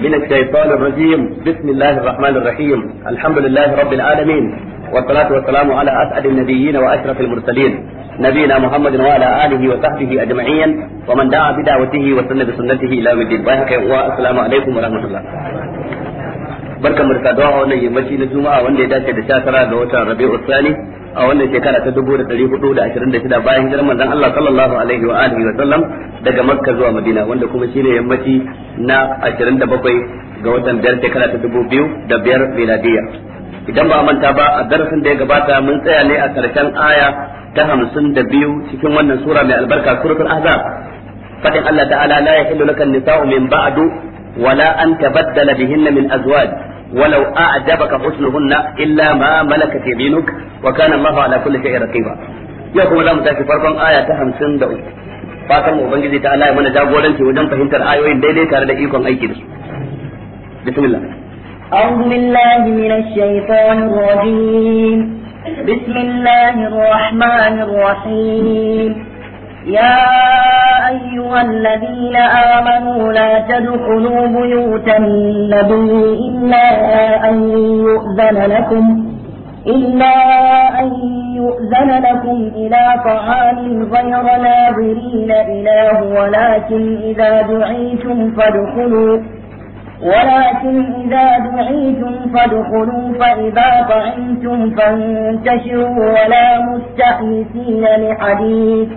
من الشيطان الرجيم بسم الله الرحمن الرحيم الحمد لله رب العالمين والصلاة والسلام على أسعد النبيين وأشرف المرسلين نبينا محمد وعلى آله وصحبه أجمعين ومن دعا بدعوته وسن بسنته إلى يوم الدين والسلام عليكم ورحمة الله barkan mu da saduwa a wannan yammaci na juma'a wanda ya dace a wannan shekara ta dubu da da da hudu ashirin 1426 bayan hijirar manzon Allah sallallahu alaihi wa alihi wa sallam daga Makka zuwa Madina wanda kuma shine yammaci na ashirin da bakwai ga watan biyar shekara ta dubu biyu da biyar miladiya idan ba a manta ba a darasin da ya gabata mun tsaya ne a karshen aya ta hamsin da biyu cikin wannan sura mai albarka suratul ahzab fadin Allah ta'ala la yahillu lakan nisa'u min ba'du wala an tabaddala bihinna min azwaj ولو أعجبك حسنهن إلا ما ملكت يمينك وكان الله على كل شيء رقيبا آية يا كما لم تأتي فرقم آية هم سندو فاتم وبنجزي تعالى من جابولا في وجنب هنتر آية وين ديلي كان لئيكم أي كده بسم الله أعوذ بالله من الشيطان الرجيم بسم الله الرحمن الرحيم يا أيها الذين آمنوا لا تدخلوا بيوت النبي إلا أن يؤذن لكم إلا أن يؤذن لكم إلى طعام غير ناظرين إله ولكن إذا دعيتم فادخلوا ولكن إذا دعيتم فادخلوا فإذا طعمتم فانتشروا ولا مستأنسين لحديث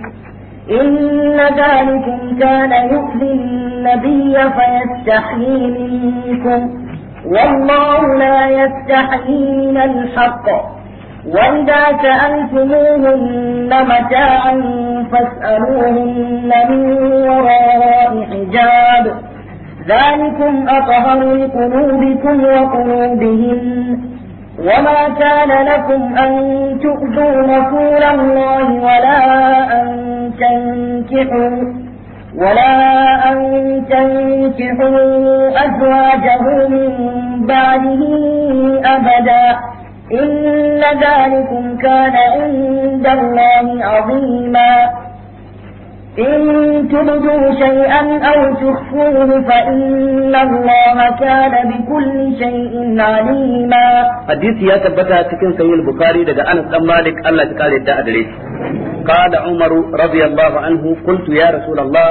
إن ذلكم كان يؤذي النبي فيستحيي منكم والله لا يستحيي من الحق وإذا سألتموهن متاعا فاسألوهن من وراء حجاب ذلكم أطهر لقلوبكم وقلوبهن وما كان لكم أن تؤذوا رسول الله ولا أن تنكحوا ولا أن تنكحوا أزواجه من بعده أبدا إن ذلكم كان عند الله عظيما تبدوا شيئا أو تخفوه فإن الله كان بكل شيء عليما حديث يا تبتا تكن سيد البخاري لدى أنس بن مالك الله تقال الداء قال عمر رضي الله عنه قلت يا رسول الله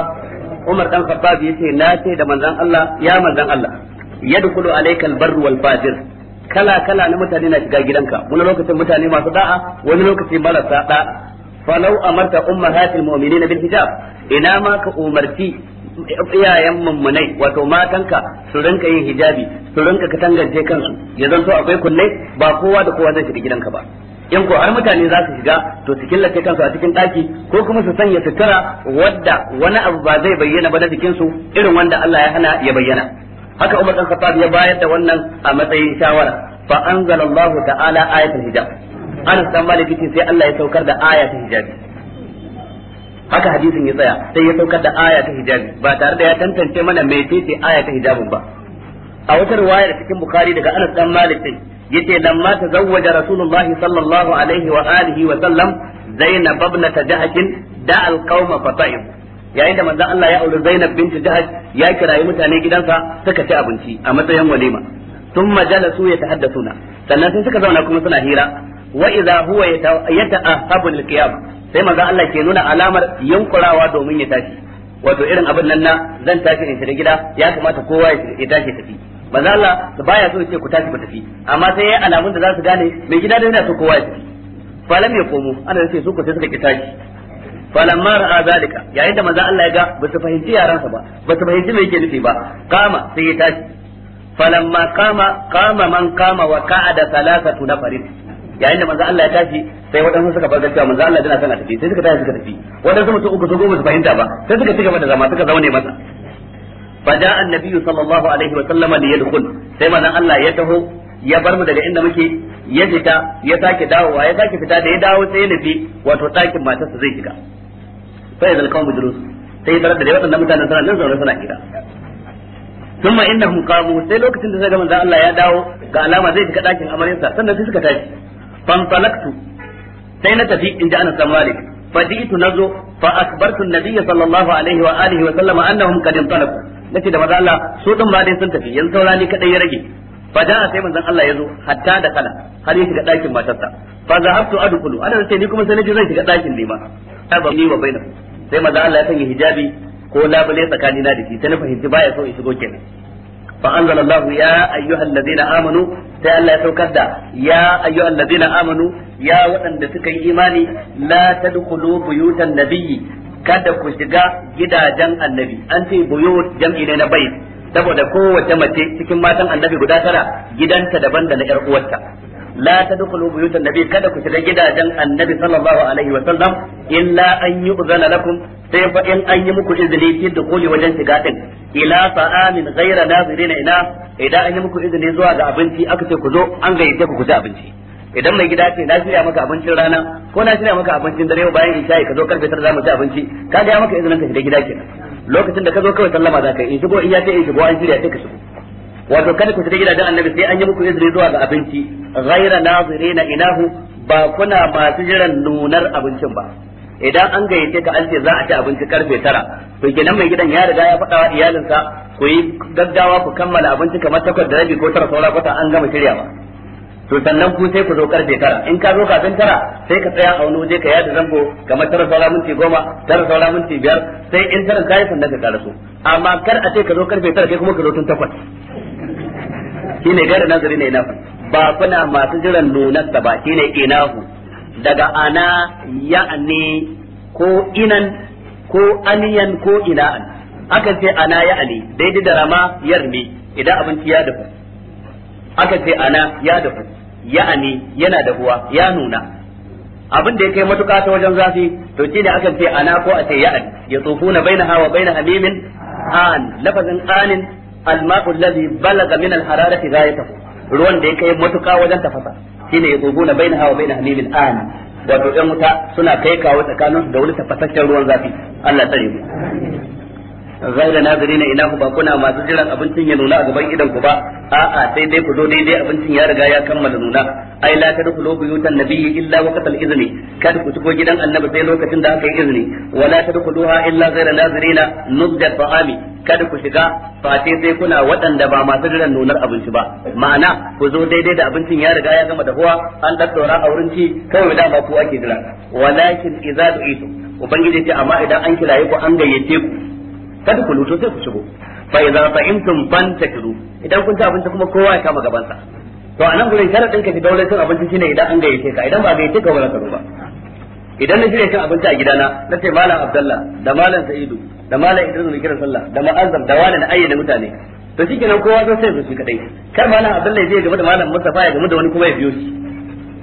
عمر بن الخطاب يتي ناتي دا منزان الله يا منزان الله يدخل عليك البر والفاجر kala kala na mutane na shiga gidanka wani lokacin mutane masu da'a wani lokacin marasa da'a falau amarta ummahatil mu'minina bil hijab ina ma ka umarti iyayen mummunai wato matanka su rinka yin hijabi su rinka katangance kansu ya so akwai kunne ba kowa da kowa zai shiga gidanka ba in ko har mutane za su shiga to su killace kansu a cikin ɗaki ko kuma su sanya sutura wadda wani abu ba zai bayyana ba na jikinsu irin wanda Allah ya hana ya bayyana haka Umar dan Khattab ya bayar da wannan a matsayin shawara fa anzalallahu ta'ala ayatul hijab Anas dan Malik yace sai Allah ya saukar da aya ta hijabi haka hadisin ya tsaya sai ya saukar da aya ta hijabi ba tare da ya tantance mana mecece aya ta hijabin ba a wata riwaya da cikin Bukhari daga Anas dan Malik sai yace lamma tazawwaja Rasulullah sallallahu alaihi wa alihi wa sallam Zainab ibnat Jahsh da al-qauma yayin da manzon Allah ya auri Zainab bint Jahash ya kirayi mutane gidansa suka ci abinci a matsayin walima thumma jalasu yatahaddathuna sannan sai suka zauna kuma suna hira wa idza huwa yata'ahabu lilqiyam sai manzo Allah ke nuna alamar yunkurawa domin ya tashi wato irin abin nan na zan tashi in shiga gida ya kamata kowa ya tashi tafi manzo Allah baya so ya ce ku tashi ku tafi amma sai ya alamun da za su gane mai gida da yana so kowa ya tafi falam ya komo ana ce su ku sai suka ki tashi mar a zalika yayin da manzo Allah ya ga ba su fahimci yaransa ba ba su fahimci me yake nufi ba kama sai ya tashi falamma kama kama man kama wa ka'ada salasatu nafarin yayin da manzo Allah ya tashi sai waɗansu suka farga cewa manzo Allah yana son a tafi sai suka tashi suka tafi waɗansu mutum uku su goma su fahimta ba sai suka ci da zama suka zaune masa فجاء النبي صلى الله عليه وسلم ليدخل sai manzon Allah ya taho ya bar mu daga inda muke ya fita ya sake dawo ya sake fita da ya dawo sai ya nufi wato ɗakin matarsa zai shiga sai zal kawo mujrus sai ya tarar da waɗannan mutanen suna nan zaune suna gida thumma innahum qamu sai lokacin da sai ga manzon Allah ya dawo ga alama zai shiga ɗakin sa sannan sai suka tashi fantalaktu sai na tafi inda ana san malik faditu nazo fa akbartu an-nabiy sallallahu alaihi wa alihi wa sallama annahum qad intalaku nace da maza Allah su din ba dai sun tafi yanzu saurani kadai ya rage fa da sai manzon Allah zo hatta da kala har ya shiga dakin matarsa fa zahabtu adkhulu ana sai ni kuma sai naje zan shiga dakin ne ma ba ni wa bainahu sai maza Allah ya sanya hijabi ko labule tsakani na da shi sai na fahimci baya so in shigo kenan fa anzala ya ayyuhal ladina amanu sai Allah ya saukar da ya ayyuhal ladina amanu ya waɗanda suka yi imani la tadkhulu buyutan nabiyyi kada ku shiga gidajen annabi an ce jam'i ne na saboda kowace mace cikin matan annabi guda tara gidanta daban da na yar uwarta la tadkhulu buyut annabi kada ku shiga gidajen annabi sallallahu alaihi wa sallam illa an yu'zana lakum sai fa in an yi muku izini da koli wajen shiga din ila ta'amin ghayra nazirina ina idan an yi muku izini zuwa ga abinci aka ce ku zo an gayyace ku ku abinci idan mai gida ce na shirya maka abincin rana ko na shirya maka abincin dare bayan isha'i ka zo karfe 9 za mu ci abinci ka ga maka izinin ka shiga gida kenan lokacin da ka zo kawai sallama za ka yi shigo in ya ce in shigo an shirya sai ka shigo wato kada ku shiga gidajen annabi sai an yi muku izini zuwa ga abinci ghaira nazirina inahu ba kuna masu jiran nunar abincin ba idan an gayyace ka an ce za a ci abinci karfe tara to kenan mai gidan ya riga ya faɗa wa iyalinsa ku yi gaggawa ku kammala abinci kamar takwas da rabi ko tara saura kwata an gama shiryawa to sannan ku sai ku zo karfe tara in ka zo kafin tara sai ka tsaya a wani waje ka yada zango kamar tara saura minti goma tara saura minti biyar sai in tara kayi sannan ka so. amma kar a ce ka zo karfe tara kai kuma ka zo tun takwas shine gari nazari ne na ba kuna masu jiran nunarsa ba shine inahu daga ana ya'ni ko inan ko aniyan ko ina'an akan ce ana ya'ni daidai da rama yarmi idan abinci ya dafu akan ce ana ya dafu ya'ni yana dafuwa ya nuna abin da ya kai matuƙa ta wajen zafi to shi ne akan ce ana ko a ce ya'an ya tsofuna baina hawa baina hamimin an lafazin anin alma'u alladhi balaga min ya ghayatahu ruwan da ya kai matuƙa wajen tafasa shine yadubuna bainaha wa baina hamimin an wato ɗan wuta suna kai kawo tsakanin da wani tafasasshen ruwan zafi Allah tsare mu zai da nazari na ina ku ba kuna masu jiran abincin ya nuna a gaban idan ku ba a'a sai dai ku zo daidai abincin ya riga ya kammala nuna ai la ta dukulu buyutan nabiyyi illa waqtal izni kad ku tuko gidan annaba sai lokacin da aka yi izini wala ta dukulu ha illa ghayra nazirina nuzja ta'ami kada ku shiga face sai kuna waɗanda ba masu jiran nunar abinci ba ma'ana ku zo daidai da abincin ya riga ya gama dahuwa an daddora a wurin ci kawai dama ku ake jira walakin idza du'itu ubangiji ce amma idan an kiraye ku an gayyace ku kada ku luto sai ku shigo fa idza fa'imtum fantakiru idan kun ci abinci kuma kowa ya kama gabansa to anan gurin sharadin ka ji daular cin abinci shine idan an gayyace ka idan ba gayyace ka ba za ka zo ba idan na shirya cin abinci a gidana na ce malam abdallah da malam sa'idu da malam idris da kiran sallah da ma'azam da wani na ayyana mutane to kenan kowa zai sai su kadai kar malam abdallah zai je da malam mustafa ya game da wani kuma ya biyo shi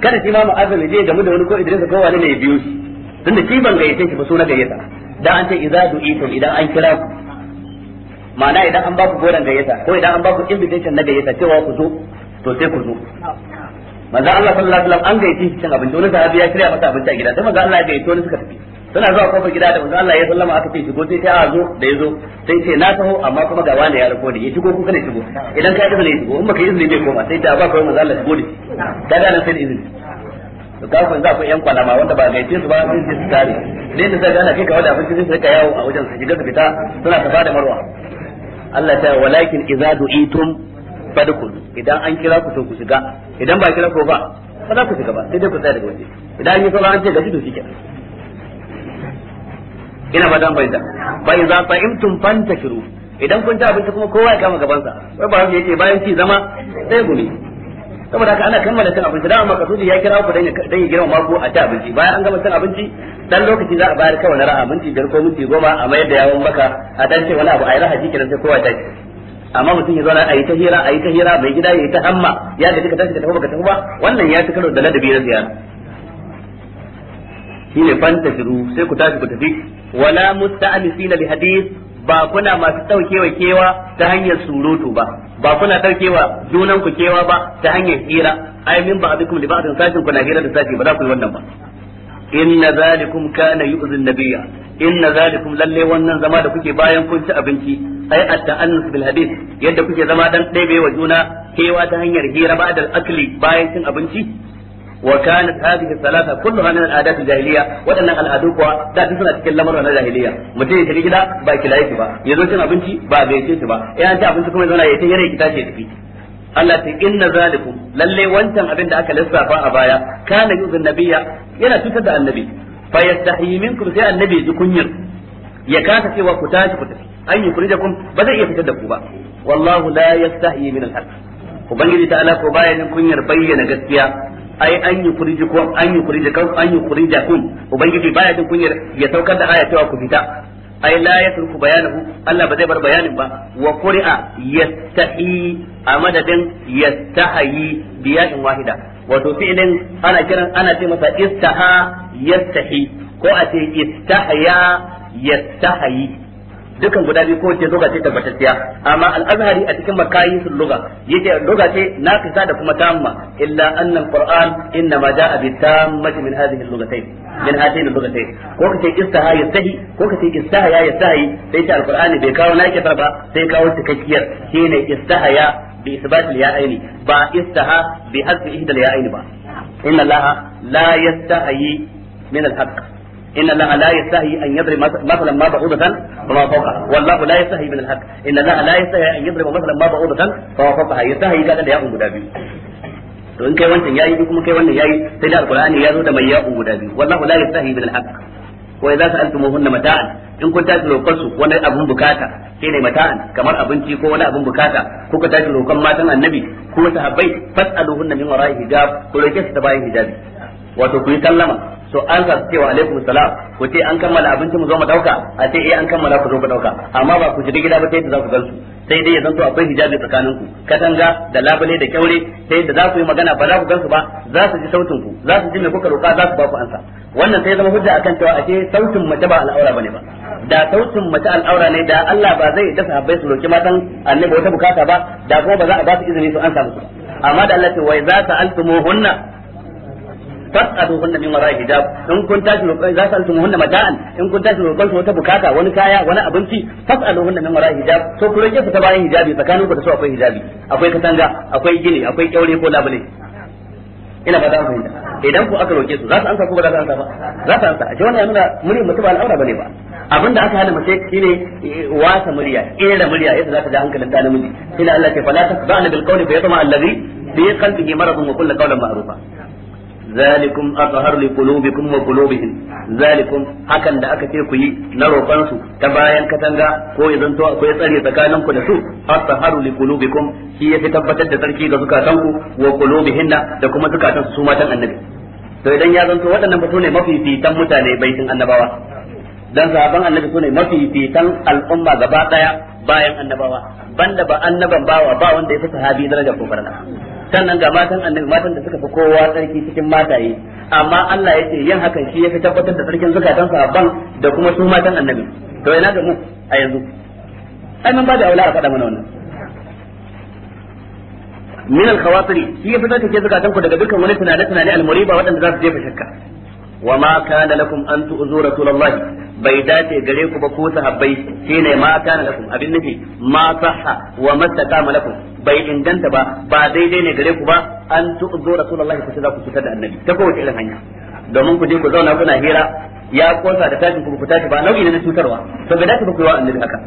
kada shi ma ma'azam ya je da wani ko idris ko wani ne ya biyo shi tunda da ban gayyace shi ba so na gayyata da an ce idza du'itum idan an kira ku ma'ana idan an ba ku goran gayyata ko idan an ba ku invitation na gayyata cewa ku zo to sai ku zo manzo Allah sallallahu alaihi wasallam an gaice shi cin abinci wani sahabi ya shirya masa abinci a gida sai manzo Allah ya gaice wani suka tafi suna zuwa kofar gida da manzo Allah ya sallama aka ce shigo sai ta a zo da yazo sai ce na taho amma kuma ga wani ya rako ne ya shigo ko kana shigo idan ka yi ya shigo in baka izini bai koma sai da ba yi manzo Allah shigo ne ga nan sai izini to ka kun za ku yan kwalama wanda ba gaice su ba sai su tare ne da sai ana kai ka wada abinci sai ka yawo a wajen su shiga su fita suna tafa da marwa Allah ta walakin idza du'itum fadkhulu idan an kira ku to ku shiga idan ba kira ku ba ba za ku shiga ba sai dai ku tsaya daga waje idan an yi sauran an ce gashi to shike ina ba dan bai za ta imtum fantakiru idan kun ci abinci kuma kowa ya kama gabansa wai ba yake bayan ci zama sai gumi saboda haka ana kammala cin abinci da amma kasudi ya kira ku dan ya girma ku a ci abinci bayan an gama cin abinci dan lokaci za a bayar kawai na ra'a minti biyar ko minti goma a mayar da yawon baka a dan ce wani abu a yi rahaji kiran sai kowa ya ci amma mutum ya zauna a yi ta hira a yi ta hira mai gida ya yi ta hamma ya gaji ka tashi ka tafi baka tafi ba wannan ya ci karo da ladabi na ziyara Shi ne fanta shiru sai ku tashi ku tafi wala musta'nisina li hadith ba kuna masu daukewa kewa ta hanyar surutu ba ba kuna daukewa junan ku kewa ba ta hanyar hira ai min ba abikum li ba'din sashin kuna hira da sashi ba za ku yi wannan ba inna zalikum kana yu'zin nabiyya inna zalikum lalle wannan zama da kuke bayan kun ci abinci ay at-ta'annus bil hadith yadda kuke zama dan ɗebe wa juna kewa ta hanyar hira ba da akli bayan cin abinci wa kanat hadhihi salata kulluha min al-adat al-jahiliya waɗannan al'adu kuwa da duk suna cikin lamarin na jahiliya mutum ya shiga gida ba kilaye shi ba ya zo cin abinci ba gaishe shi ba ya ci abinci kuma zauna ya ta yare ki tashi tafi Allah ta inna zalikum lalle wancan abin da aka lissafa a baya kana yuzun nabiyya yana tutar da annabi fa yastahi minkum sai annabi ji kunyar ya kasa cewa ku tashi ku tafi an yi kun ba zai iya fitar da ku ba wallahu la yastahi min al-haq ubangiji ta'ala ko bayan kunyar bayyana gaskiya ai an yi kuri ko an yi da kan an yi da kun ubangiji baya jin kunyar ya saukar da aya cewa ku fita ai la turku bayanahu Allah ba zai bar bayanin ba wa qur'a yastahi a madadin yastahi biyahin wahida wato fi'ilin ana kiran ana ce masa istaha yastahi ko a ce istahya yastahayi dukan guda biyu ko ce luga ce tabbatacciya amma al-azhari a cikin makayin sun luga yake luga ce naqisa da kuma tamma illa anna al-qur'an inna ma jaa bi tammati min hadhihi al-lugatayn min hadhihi al-lugatayn ko kace istaha ya yastahi ko kace istaha ya yastahi sai ta al-qur'ani bai kawo naqisa ba sai kawo cikakkiyar shine istaha ya bi isbat al aini ba istaha bi hasbi ihda ya aini ba inna allaha la yastahi min al-haqq inna a la yastahi an yadrib mathalan ma ba'udatan fa ma fawqaha wallahu la yastahi min al-haq inna allaha la yastahi an yadrib mathalan ma ba'udatan fa ma fawqaha yastahi ga da ya'un guda biyu to in kai wancan yayi kuma kai wannan yayi sai da alqur'ani ya zo da mai ya'un guda biyu wallahu la yastahi min al-haq wa idza sa'altumuhunna mata'an in kun tashi roƙar wani abun bukata sai ne mata'an kamar abinci ko wani abun bukata kuka tashi roƙon matan annabi ko sahabbai fas'aluhunna min wara'i hijab ta bayan wato ku yi sallama so an sa su cewa alaikum salam ku ce an kammala abinci mu zo mu dauka a ce eh an kammala ku zo ku dauka amma ba ku shiga gida ba sai za ku gansu sai dai ya zanto akwai hijabi tsakanin ku katanga da labule da kyaure sai da za ku yi magana ba za ku gansu ba za su ji sautin ku za su ji me kuka roka za su ba ku ansa wannan sai zama hujja akan cewa a ce sautin mace ba al'aura bane ba da sautin mace al'aura ne da Allah ba zai dasa habbai su roki matan annabi wata bukata ba da kuma ba za a ba su izini su ansa musu amma da Allah ce wai za ta altumuhunna hunna min wara'i hijab in kun tashi roƙon za su hunna mata'an in kun tashi roƙon su wata bukata wani kaya wani abinci hunna min wara'i hijab to ku roƙe su ta bayan hijabi tsakaninku da su akwai hijabi akwai katanga akwai gini akwai kyaure ko labule ina za ku fahimta idan ku aka roƙe su za su amsa ko ba za su ansa ba za su amsa a ce wannan yana muni mutum ba al'aura bane ba abin da aka hana mace shine eh, wasa murya da murya yadda za ta ja hankalin ta namiji ina Allah ke fala tasba'na bil qawli fa yatma alladhi bi qalbihi maradun wa kullu qawlan ma'rufa zalikum athhar li qulubikum wa qulubihim zalikum hakan da aka ce ku yi na roƙon su ta bayan katanga ko ya zanto akwai tsare tsakanin ku da su athhar li qulubikum shi fi tabbatar da tsarki ga zukatan ku wa qulubihin da kuma zukatan su matan annabi to idan ya zanto waɗannan su ne mafi fitan mutane baitin annabawa dan sahaban annabi mafi fitan al'umma gaba daya bayan annabawa banda ba annaban bawa ba wanda ya fi sahabi daraja ko farna sannan ga matan annabi matan da suka fi kowa tsarki cikin mataye amma Allah ya ce yin hakan shi ya fi tabbatar da tsarkin a ban da kuma su matan annabi to ina ga mu a yanzu ai mun ba da aula a faɗa mana wannan min al khawatir shi ya fi tsarkake ke ku daga dukkan wani tunane tunane al-muriba waɗanda za su jefa shakka wa ma kana lakum an tu'zu rasulullahi bai dace gare ku ba ko sahabbai shine ma kana lakum abin nufi ma sahha wa mastaqama lakum bai inganta ba ba daidai ne gare ku ba an tu'zu rasulullahi ku za ku cutar da annabi ta kowace irin hanya domin ku je ku zauna kuna hira ya kosa da tashin ku ku tashi ba nau'i ne na cutarwa to bai dace ba ku yi wa annabi haka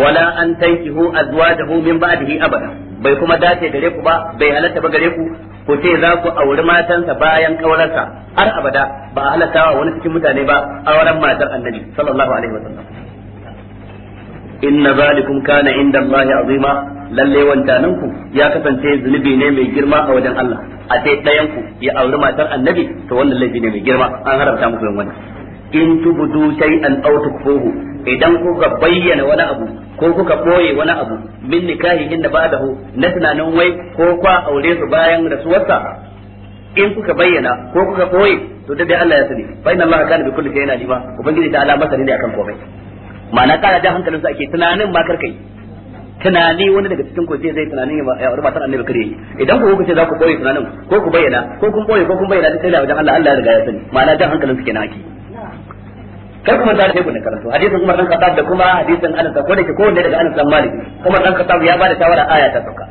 wala an tankihu azwajahu min ba'dihi abada bai kuma dace gare ku ba bai halatta ba gare ku ku ce za ku auri matansa bayan kaurarsa har abada ba a halatta wa wani cikin mutane ba auren matar annabi sallallahu alaihi wasallam inna zalikum kana inda Allah azima lalle wancanan ku ya kasance zunubi ne mai girma a wajen Allah a sai ɗayan ku ya auri matar annabi to wannan laifi ne mai girma an haramta muku yin wannan in tubudu shay'an aw tukfuhu idan kuka bayyana wani abu ko kuka boye wani abu min nikahi inda ba'dahu na tunanin wai ko kwa aure su bayan rasuwarsa in kuka bayyana ko kuka ɓoye to dai Allah ya sani fa inna Allah kana bi kulli shay'in alima ubangiji ta ala masani ne akan komai ma'ana kana da hankalin su ake tunanin ma karkai tunani wani daga cikin ku zai tunanin ya wani matan annabi kare idan ku ku ce za ku koyi tunanin ko ku bayyana ko kun koyi ko kun bayyana sai da wajen Allah Allah ya riga ya sani ma'ana da hankalin su kenan ake kar kuma da sai ku na karanto hadisin Umar dan Khattab da kuma hadisin Anas ko da ke ko ne daga Anas dan Malik Umar dan Khattab ya bada shawara aya ta sauka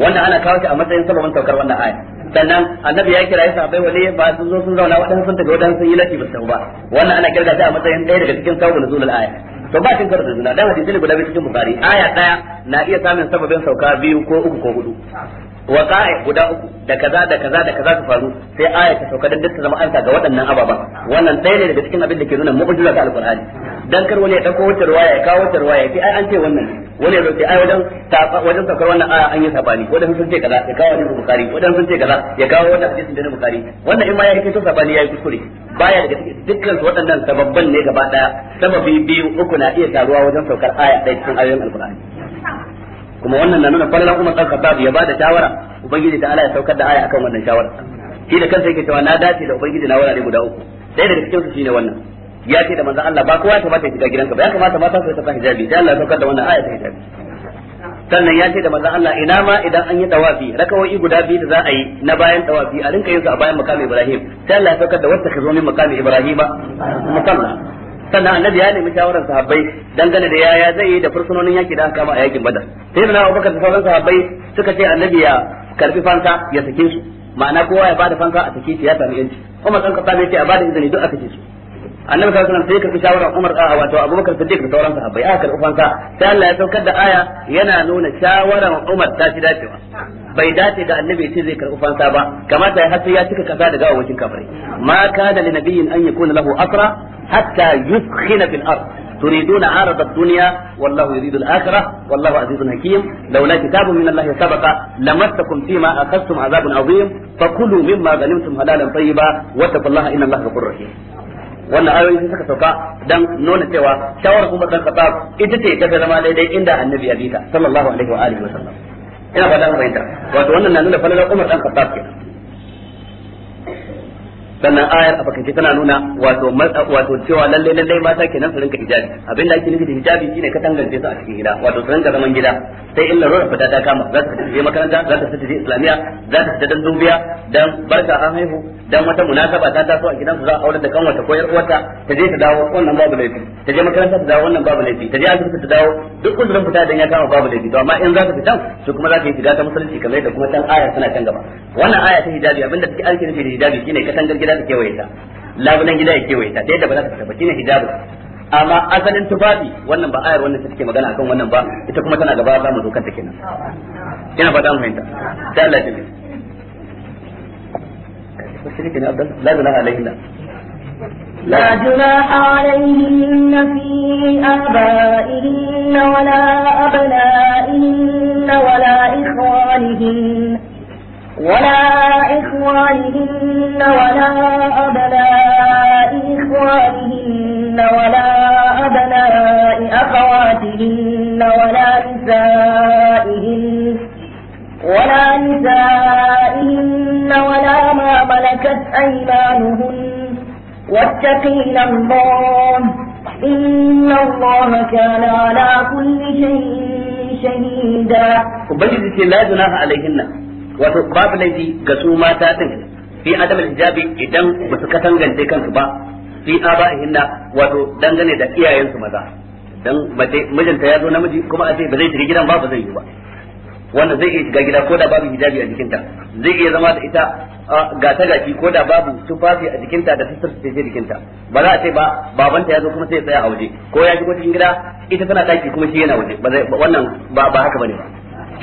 wannan ana kawo shi a matsayin sababin saukar wannan aya sannan annabi ya kira yasa bai wani ba sun zo sun zauna wadansu sun tafi wadansu sun yi lati ba ba wannan ana kirga shi a matsayin ɗaya daga cikin sabon nuzulul aya to ba cin karo da dan hadisi ne guda biyu cikin bukhari aya daya na iya samun sababin sauka biyu ko uku ko hudu waqa'i guda uku da kaza da kaza da kaza su faru sai aya ta sauka dan dukkan zama an ga waɗannan ababan wannan ɗaya ne daga cikin abin da ke nuna mu'jiza ta alqur'ani dan kar wani ya dauko wata ruwaya ya kawo wata ruwaya sai ai an ce wannan wani ya ce ai wajen wajen saukar wannan aya an yi sabani wajen sun ce kaza ya kawo hadisin bukhari wadan sun ce kaza ya kawo wannan hadisin da bukari wannan in ma ya yi to sabani ya yi kuskure baya da dukkan su waɗannan sababban ne gaba daya sababi biyu uku na iya taruwa wajen saukar aya ɗaya cikin ayoyin alqur'ani kuma wannan na nuna kwallon kuma ɗan khattab ya bada shawara ubangiji ta Allah ya saukar da aya akan wannan shawara shi da kansa yake cewa na dace da ubangiji na wurare guda uku sai daga cikin su shine wannan ya ce da manzon Allah ba kowa ya kamata ya shiga gidanka ba ya kamata mata su saka hijabi dan Allah ya saukar da wannan aya ta hijabi sannan ya ce da manzon Allah ina ma idan an yi tawafi rakawai guda biyu da za a yi na bayan tawafi a rinka yin su a bayan makami Ibrahim sai Allah ya saukar da wata kazo min makami Ibrahim musalla sannan annabi ya nemi shawaran sahabbai dangane da yaya zai yi da fursunonin yaki da aka kama a yakin Badar sai na Abubakar da sauran sahabbai suka ce annabi ya karfi fansa ya sake su ma'ana kowa ya bada fansa a sake shi ya sami yanci Umar dan Khattab ne ce a bada izini duk a sake su annabi sallallahu alaihi wasallam sai karbi shawaran Umar a wato Abubakar Siddiq da sauran sahabbai aka karbi fansa sai Allah ya saukar da aya yana nuna shawaran Umar ta ci ba. bai dace da annabi ce zai karbi fansa ba kamata ya hasu ya cika kasa da gawawakin kafirai ma kana li nabiyyin an yakuna lahu asra hatta yuskhina fil ard تريدون عرض الدنيا والله يريد الآخرة والله عزيز حكيم لولا كتاب من الله سبق لمسكم فيما أخذتم عذاب عظيم فكلوا مما غنمتم حلالا طيبا واتقوا الله إن الله غفور رحيم wannan ayoyi sun suka sauka dan nuna cewa shawarar Umar dan Khattab ita ce ta zama daidai inda Annabi ya bita sallallahu alaihi wa alihi wasallam ina fata mun fahimta wato wannan na nuna falalar Umar dan Khattab kenan. sannan ayar a bakance tana nuna wato wato cewa lalle lalle mata kenan su rinka hijabi abin da ake nufi da hijabi shine ka tangance su a cikin gida wato su rinka zaman gida sai illa rura fita ta kama za ta je makaranta za ta je islamiya za ta je dan dubiya dan barka an haihu dan wata munasaba ta taso a gidansu za a aure da kanwata ko yar uwarta ta je ta dawo wannan babu laifi ta je makaranta ta dawo wannan babu laifi ta je asibiti ta dawo duk kullum fita dan ya kama babu laifi to amma in za ta fita su kuma za ka yi shiga ta musulunci kamar da kuma tan aya suna kan gaba wannan aya ta hijabi abinda take alkin nufi da hijabi shine katangar gida ta kewaye ta labulan gida ya kewaye ta yadda ba za ta fita ba shine hijabi amma asalin tufafi wannan ba ayar wannan take magana akan wannan ba ita kuma tana gaba za mu zo kanta kenan ina fata mu fahimta sai Allah ya شريك لا لا جناح عليهن لا جناح عليهن في آبائهن ولا أبنائهن ولا إخوانهن ولا إخوانهن ولا أبناء إخوانهن ولا أبناء أخواتهن ولا نسائهن ولا نسائهن ولا ما ملكت أيمانهن واتقين الله إن الله كان على كل شيء شهيدا وبجد لا جناح عليهن وتقباب الذي قسوما تاتن في عدم الحجاب إذن بسكتن جنتي كان سبا fi aba'ihinna wato dangane da ينسو maza dan mace mijinta ya zo namiji kuma a ce ba zai shiga gidan ba ba zai yi ba wanda zai iya shiga gida ko da babu hijabi a jikinta zai iya zama da ita ga ta gashi ko da babu tufafi a jikinta da ta ce jikinta ba za a ce ba babanta ya zo kuma sai ya tsaya a waje ko ya shigo cikin gida ita tana daki kuma shi yana waje wannan ba haka bane ba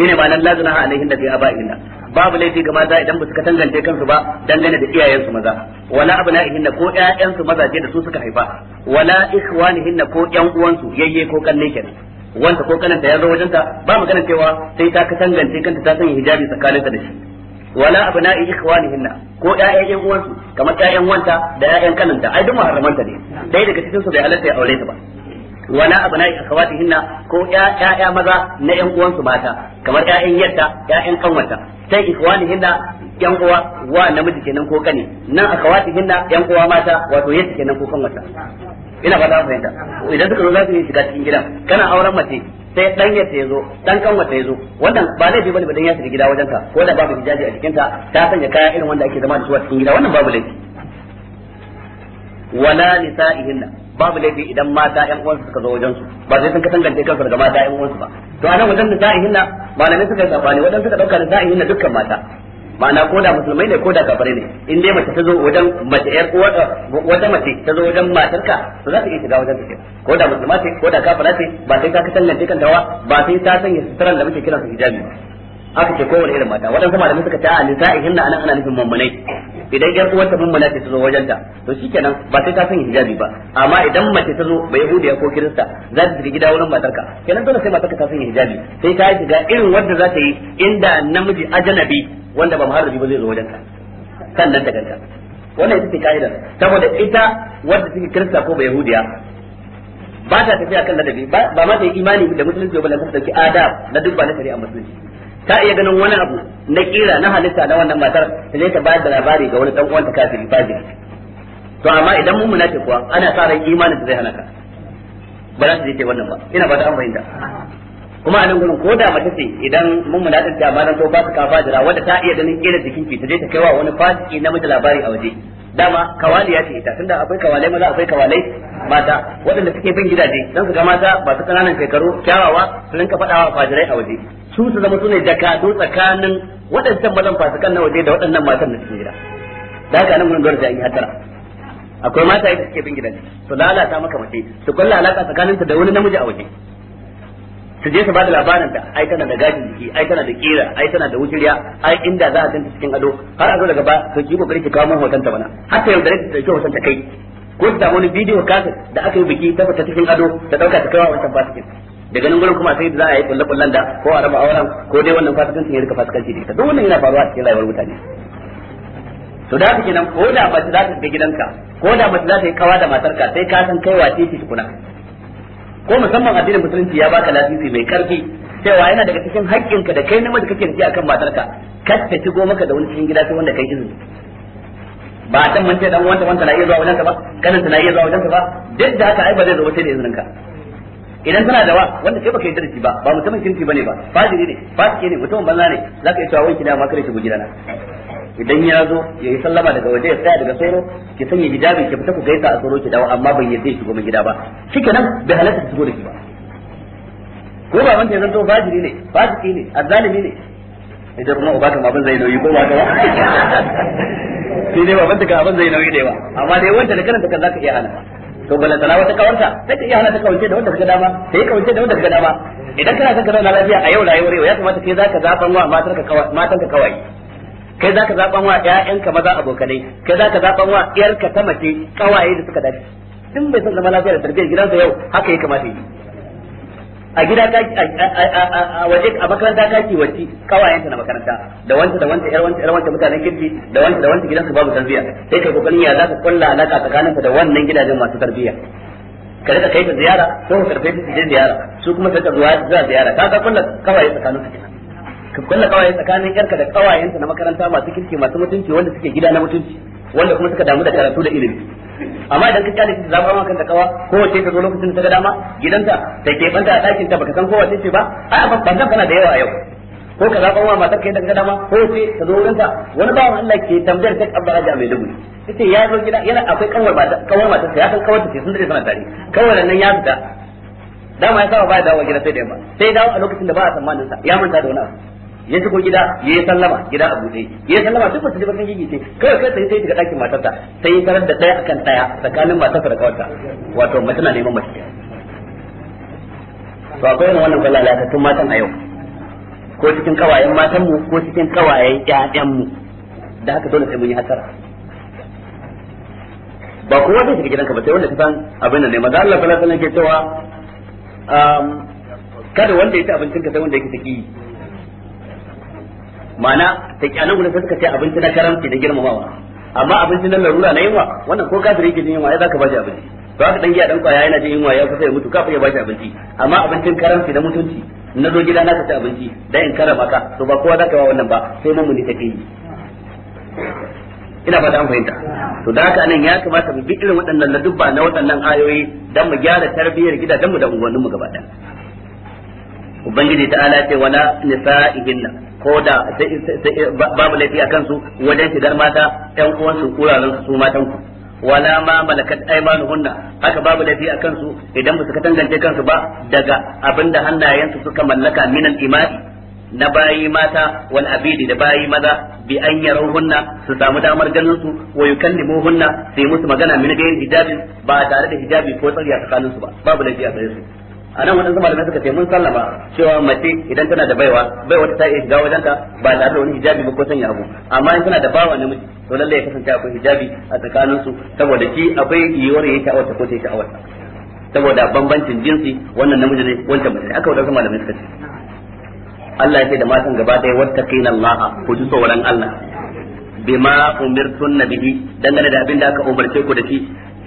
ne ba nan lazuna alaihin da fi aba'inna babu laifi ga maza idan ba su ka tangance kansu ba dangane da iyayensu maza wala abna'ihin ko ƴaƴansu mazaje da su suka haifa wala ikhwanihin ko ƴan uwansu yayye ko kalle kenan wanta ko kananta ya zo wajenta ba magana cewa sai ta katangance kanta ta sanya hijabi tsakaninta da shi wala abna'i ikhwanihinna ko ƴaƴan ƴan uwansu kamar ƴaƴan wanta da ƴaƴan kananta ai duk muharramanta ne dai daga cikin su bai halatta ya aure ta ba wala abna'i akhawatihinna ko ƴaƴa maza na ƴan uwansu mata kamar ƴaƴan yatta ƴaƴan kanwata sai ikhwanihinna ƴan uwa wa namiji kenan ko kane nan akhawatihinna ƴan uwa mata wato yatta kenan ko kanwata ina fata an fahimta idan suka zo za su yi shiga cikin gida kana auren mace sai dan ya yazo zo dan kan mace ya zo wannan ba laifi bane ba dan ya shiga gida wajen ka ko da babu hijabi a jikin ta ta sanya kaya irin wanda ake zama da su a cikin gida wannan babu laifi wala nisa'ihinna babu laifi idan mata ƴan uwansu suka zo wajen su ba sai sun kasance kansu daga mata ƴan uwansu ba to anan wajen nisa'ihinna malamai suka yi safani wajen suka dauka nisa'ihinna dukkan mata ma'ana ko da musulmai ne ko da kafirai ne in dai mace ta zo wajen mace yar wata mace ta zo wajen matarka to za ta iya shiga wajen take ko da musulma ce ko da kafira ce ba sai ta kasance kan dawa ba sai ta sanya sutaran da muke su hijabi ba aka ce kowane irin mata waɗansu da suka ce a nisa'ihin na anan ana nufin mummunai idan yar uwarta mummuna ce ta zo wajen ta to shikenan ba sai ta sanya hijabi ba amma idan mace ta zo ba yahudiya ko kirista za ta shiga gida wurin matarka kenan dole sai matarka ta sanya hijabi sai ta shiga irin wanda za ta yi inda namiji ajanabi wanda ba muharrabi ba zai zo wajenka nan ta ganka wannan ita ce ka'ida saboda ita wanda take kirista ko ba yahudiya ba ta tafiya kan ladabi ba ma ta yi imani da musulunci ba lantarki dauki adab na duk ba na shari'a musulunci ta iya ganin wani abu na kira na halitta na wannan matar ta je ta bayar da labari ga wani dan uwan ta kafiri fajiri to amma idan mun munafi kuwa ana sa ran imanin da zai halaka ba za su je wannan ba ina ba ta an fahimta kuma a nan gurin ko da mace ce idan mun muna ta nan to ba su kafa jira wanda ta iya ganin irin jikin ki ta je ta kaiwa wani fasiki na miji labari a waje dama kawali ya ce ita tunda akwai kawalai maza akwai kawalai mata waɗanda suke bin gidaje dan su ga mata ba su kananan shekaru kyawawa su rinka wa fajirai a waje su su zama sune jakadu tsakanin waɗancan mazan fasikan na waje da waɗannan matan da suke gida da haka nan mun dole an yi hatara akwai mata da suke bin gidaje su lalata maka mace su kulla alaka tsakaninta da wani namiji a waje su je su bada labarin ta ai tana da gadi jiki ai tana da kira ai tana da wuciriya ai inda za a tanta cikin ado har a zo daga ba to ki kokari ki kawo mun hotanta ta bana har ta yaudare ta ke hotanta ta kai ko ta wani bidiyo kaset da aka yi biki ta fata cikin ado ta dauka ta kawo wancan cikin daga nan gurin kuma sai za a yi kullu kullen da ko a raba auren ko dai wannan sun yi rika fasikanci da ta duk wannan yana faruwa cikin rayuwar mutane to da haka kenan ko da mace za ta ga gidanka ko da mace za ta yi kawa da matarka sai ka san kai wace ce tukuna ko musamman addinin musulunci ya baka lasisi mai karfi cewa yana daga cikin haƙƙinka da kai namiji kake ji akan matarka kar ta shigo maka da wani cikin gida sai wanda kai izini ba a san mance dan wanda wanda na iya zuwa wajen ka ba kanin na iya zuwa wajen ka ba duk da haka ai ba zai zo sai da izinin ka idan tana da wa wanda kai baka yi darasi ba ba mutumin kirki bane ba fajiri ne fasike ne mutumin banza ne zaka yi cewa wanki da ma kare shi gidana idan ya zo ya yi sallama daga waje ya tsaya daga sauro ki sanya hijabi ki fita ku gaisa a tsoro ki dawo amma ban yadda ya shigo min gida ba shikenan bai halatta ki shigo da shi ba ko ba wanda ya zanto fajiri ne fajiri ne azzalimi ne idan kuma uba kan abin zai nauyi ko ba ta ba sai dai baban ka abin zai nauyi da yawa amma dai wanda da karanta kan zaka iya hana to bala tana wata kawanta sai ka iya hana ta kawance da wanda ka dama sai kawance da wanda ka dama idan kana son ka zauna lafiya a yau rayuwar yau ya kamata kai zaka zaban wa matar ka kawai matan ka kawai kai zaka zaban wa ƴaƴanka maza abokanai kai zaka zaban wa ƴarka ta mace kawaye da suka dace din bai san zama lafiya da tarbiyyar gidansa yau haka ya kamata yi a gida a waje a makaranta ka ki wacce kawayenta na makaranta da wanda da wanda yar wanda yar wanda mutanen kirki da wanda da gidan gidansu babu tarbiyya sai kai kokarin ya zaka kulla alaka tsakaninka da wannan gidajen masu tarbiyya ka rika kai ta ziyara ko ka karfe su je ziyara su kuma ta ka zuwa ziyara ka ga kulla kawai tsakaninka kenan ka kulla kawaye tsakanin yarka da kawayenta na makaranta masu kirki masu mutunci wanda suke gida na mutunci wanda kuma suka damu da karatu da ilimi amma idan ka kyale za ka maka da kawa ko wace ka zo lokacin da ta dama gidanta da ke banta a ɗakin ta baka san ko wace ce ba a ba ban kana da yawa yau ko ka zaɓa wa matar kai daga dama ko wace ta zo wurinta wani bawan Allah ke tambayar ta abba aja mai dubu ita ya zo gida yana akwai kawar mata kawar mata ya san kawar ta ce sun dade sana tare kawar nan ya fita dama ya saba ba ya dawo gida sai da yamma sai dawo a lokacin da ba a tsammanin sa ya manta da wani abu ya shigo gida ya yi sallama gida a buɗe ya yi sallama duk wata jibar kan gigi ce kawai kai sai sai shiga ɗakin matarsa sai ya da ɗaya akan ɗaya tsakanin matarsa da kawarta wato mace na neman mace to akwai irin wannan kwallon lalatattun matan a yau ko cikin kawayen matan mu ko cikin kawayen ƴaƴan mu da haka dole sai mun yi hasara ba kowa zai shiga gidanka ba sai wanda ta san abin da ne maza Allah sallallahu alaihi wasallam ke cewa kada wanda ya ci abincinka sai wanda yake saki ma'ana ta kyanan gurin sai suka ce abinci na karamci da girmamawa amma abinci na larura na yunwa wannan ko kafin yake jin yunwa ya ka bashi abinci to haka dan giya dan kwaya yana jin yunwa ya kusa ya mutu kafin ya bashi abinci amma abincin karamci na mutunci na zo gida na ka ci abinci dan in karama ka to ba kowa ka ba wannan ba sai mun ne take yi ina fata an fahimta to da haka nan ya kamata mu bi irin waɗannan ladubba na waɗannan ayoyi dan mu gyara tarbiyyar gida dan mu da unguwannin mu gaba ɗaya ubangiji ta ala ce wala nisa'ihinna ko da babu laifi a kansu wajen shigar mata ɗan uwansu kuraren su matan ku wala ma malakat aymanuhunna haka babu laifi a kansu idan ba su katangance kansu ba daga abinda hannayensu suka mallaka minan imani na bayi mata wal abidi da bayi maza bi an yarauhunna su samu damar ganin su wa yukallimuhunna su yi musu magana min gayin hijabi ba tare da hijabi ko tsari a tsakaninsu ba babu laifi a gare su a nan waɗansu malamai suka ce mun sallama cewa mace idan tana da baiwa baiwa ta iya shiga ta ba tare da wani hijabi ba ko sanya abu amma in tana da bawa namiji to lalle ya kasance akwai hijabi a tsakanin su saboda shi akwai yiwuwar yayi ta ta ko ta sha'awar saboda bambancin jinsi wannan namiji ne wancan mace aka waɗansu malamai suka ce Allah ya ce da matan gaba ɗaya wattaqina Allah ku ji tsoron Allah bima umirtunna bihi dangane da abin da aka umarce ku da shi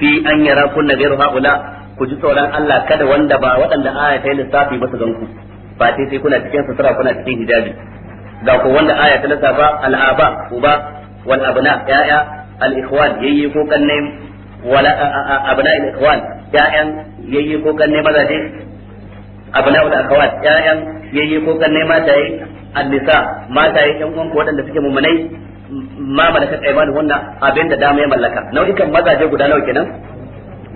fi an yara kunna ghayru haula ku ji tsoron Allah kada wanda ba waɗanda aya ta yi lissafi ba su ganku ba sai sai kuna cikin sutura kuna cikin hijabi ga ku wanda aya ta lissafa al'aba uba wal abna ya'ya al ikhwan yayye ko kanne wala abna al ikhwan ya'yan yayye ko kannai mazaje abna wal akhawat ya'yan yayi ko kannai mataye an nisa mataye yan uwan ku waɗanda suke mumunai ma malakat aymanu wannan abinda dama ya mallaka nau'ikan mazaje guda nawa kenan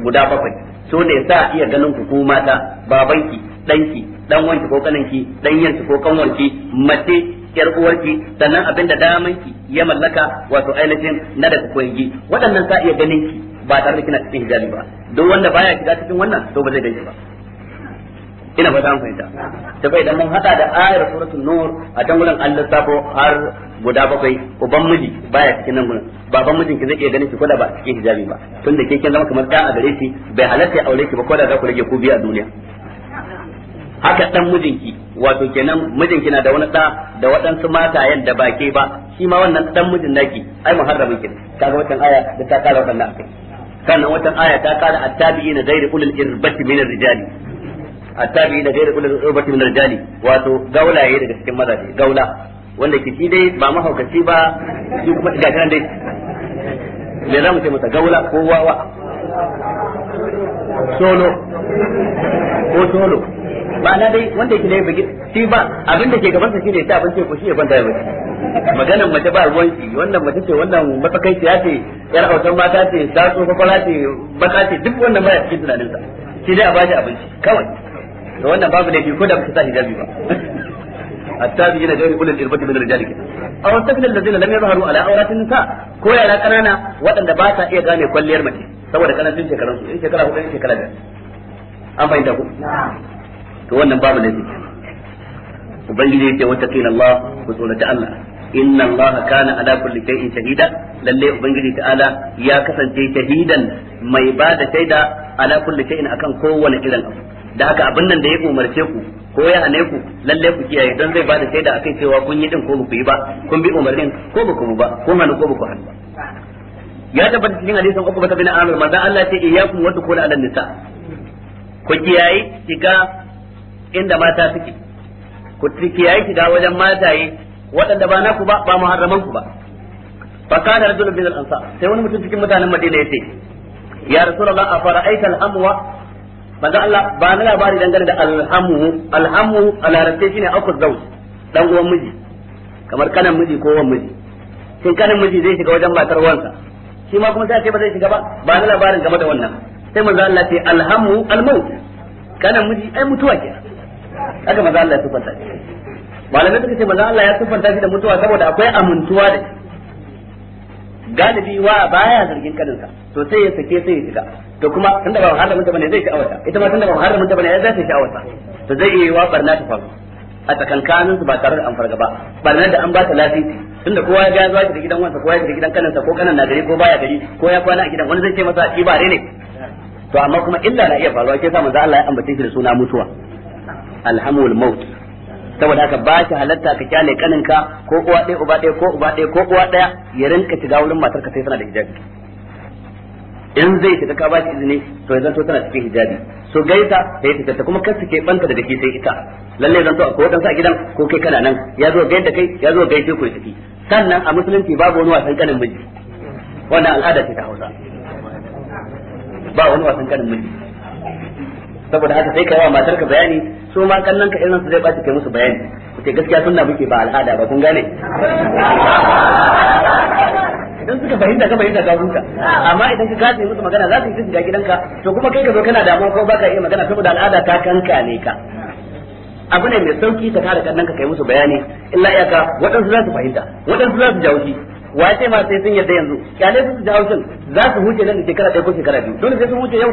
guda bakwai so da yasa iya ganin ku mata babanki danki dan wanki ko kananki dan yanki ko kanwanki mace yar uwarki sannan abinda damanki ya mallaka wato ainihin na da ku koyi waɗannan sa iya ganin ki ba tare da kina cikin hijabi ba duk wanda baya shiga cikin wannan to ba zai ganki ba ina ba an fahimta ta bai dan mun hada da ayar suratul nur a can gurin Allah safo har guda bakwai uban miji baya cikin nan gurin baban mijin ki zai iya ganin ki koda ba cikin hijabi ba tunda ke kin zama kamar da a gare shi bai halatta aure ki ba koda za ku rage ku biya duniya haka dan mijinki wato kenan mijinki na da wani da da waɗansu mata da ba ke ba shi ma wannan dan mijin naki ai muharramin ki kaga wannan aya da ta kara wannan akai kana wata aya ta kara attabi'ina ghairu ulil irbati minar rijali attabi da gairu kullu ubati min rijali wato gaulaye daga cikin mazaje gaula wanda ki shi dai ba mahaukaci ba shi kuma ga kan dai me za mu ce masa gaula ko wawa solo ko solo ba na dai wanda yake dai bigi shi ba abin da ke gaban sa shine ta abin ce ko shi ban kwanta ya bace maganan mace ba ruwan shi wannan mace ce wannan matakai ta ce yar hausan mata ce ta su kwala ce baka ce duk wannan ya cikin tunanin sa shi dai a bashi abinci kawai to wannan babu laifi ko da baka sa hijabi ba التابعين غير اولي الاربه من الرجال او الطفل الذين لم يظهروا على عورات النساء ko yara kanana waɗanda ba ta iya gane kwalliyar mace saboda kanancin shekarun su in shekara hudu in shekara biyar an fahimta ku to wannan babu laifi ubangiji yake wata kina Allah ku tsorata Allah inna Allah kana ala kulli shay'in shahida lalle ubangiji ta'ala ya kasance shahidan mai ba da shaida ala kulli shay'in akan kowane irin abu da haka abin nan da ya umarce ku ko ya hane ku lalle ku kiyaye don zai bada da akai cewa kun yi din ko ku yi ba kun bi umarnin ko ba ku ba ko hanu ko ba ku hanu ya tabbata cikin hadisin uku bata bin amir manzo Allah ce iyyakum wa dukhul ala nisa ku kiyaye shiga inda mata suke ku kiyaye shiga wajen mataye waɗanda ba naku ba ba muharraman ku ba fa kana rajulun min al-ansar sai wani mutum cikin mutanen Madina yace ya rasulullah afara'aita al-amwa manzo Allah ba na labari dangane da alhamu alhamu a larabce shine aku zauj dan uwan miji kamar kanan miji ko wan miji shin kanan miji zai shiga wajen matar wansa shi ma kuma sai ba zai shiga ba ba na labarin game da wannan sai manzo Allah ce alhamu almaut kanan miji ai mutuwa ke haka manzo Allah ya sufanta malamai suka ce manzo Allah ya sufanta shi da mutuwa saboda akwai amintuwa da shi galibi wa baya zargin kaninsa to sai ya sake sai ya shiga to kuma tunda ba haramun ta bane zai ci awata ita ma tunda ba haramun ta bane zai ci awata to zai yi wa barna ta faru a tsakankanin su ba tare da an farga ba barna da an ba ta lafiya tunda kowa ya ga zuwa da gidan wansa kowa ya da gidan kaninsa ko kanan na gari ko baya gari ko ya kwana a gidan wani zai ce masa shi ba ne to amma kuma illa na iya faruwa ke sa manzo Allah ya ambace shi da suna mutuwa alhamul maut saboda haka ba shi halatta ka kyale kaninka ko uwa ɗaya uba ɗaya ko uba ɗaya ko uwa ɗaya ya rinka shiga wurin matar ka sai tana da hijabi in zai shiga ka ba shi izini to ya zanto tana cikin hijabi so gaisa sai ta ta kuma kasu ke banta da dake sai ita lalle zanto akwai wadansu a gidan ko kai kana nan ya zo gaida kai ya zo gaishe ku ciki sannan a musulunci babu wani wasan kanin miji wannan al'ada ce ta Hausa ba wani wasan kanin miji saboda haka sai kai wa matarka bayani su ma kallon ka irin su zai baci kai musu bayani kace gaskiya sunna muke ba al'ada ba kun gane idan suka fahimta ka fahimta ka huta amma idan ka kace musu magana za su yi shiga gidanka to kuma kai ka zo kana damuwa ko baka iya magana saboda al'ada ta kanka ne ka abu ne mai sauki ka tare kallon ka kai musu bayani illa iyaka waɗansu za su fahimta waɗansu za su jawushi wa ce ma sai sun yadda yanzu kyale su su jawushin za su huce nan da shekara ɗaya ko shekara biyu dole sai sun huce yau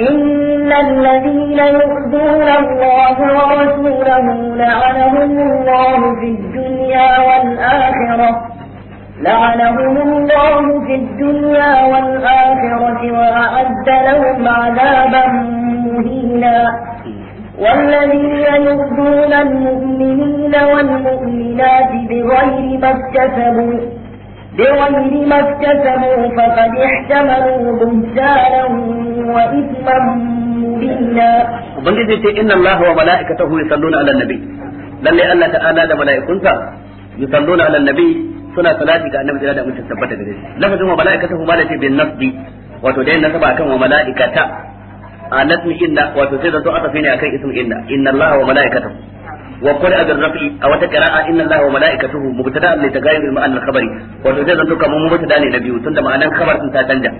إن الذين يؤذون الله ورسوله لعنهم الله في الدنيا والآخرة لعنهم الله في الدنيا والآخرة وأعد لهم عذابا مهينا والذين يؤذون المؤمنين والمؤمنات بغير ما اكتسبوا بغير ما اكتسبوا فقد احتملوا بهتانا وإثما مبينا وبنجد إن الله وملائكته يصلون على النبي لن الله تعالى ده ملائكته يصلون على النبي suna salati ga annabi da mutum tabbata gare shi lafazin wa malaikatahu ma lati bin nasbi wato dai nasaba akan wa malaikata a nasmi inna wato sai da so aka ne akan ismi inna inna allaha wa malaikatahu wa qur'a bil raf'i a wata qira'a inna allaha wa malaikatahu mubtada'an li tagayyur ma'an al khabari wato zai zanto kamar mubtada ne na biyu tunda ma'anan khabar din ta canja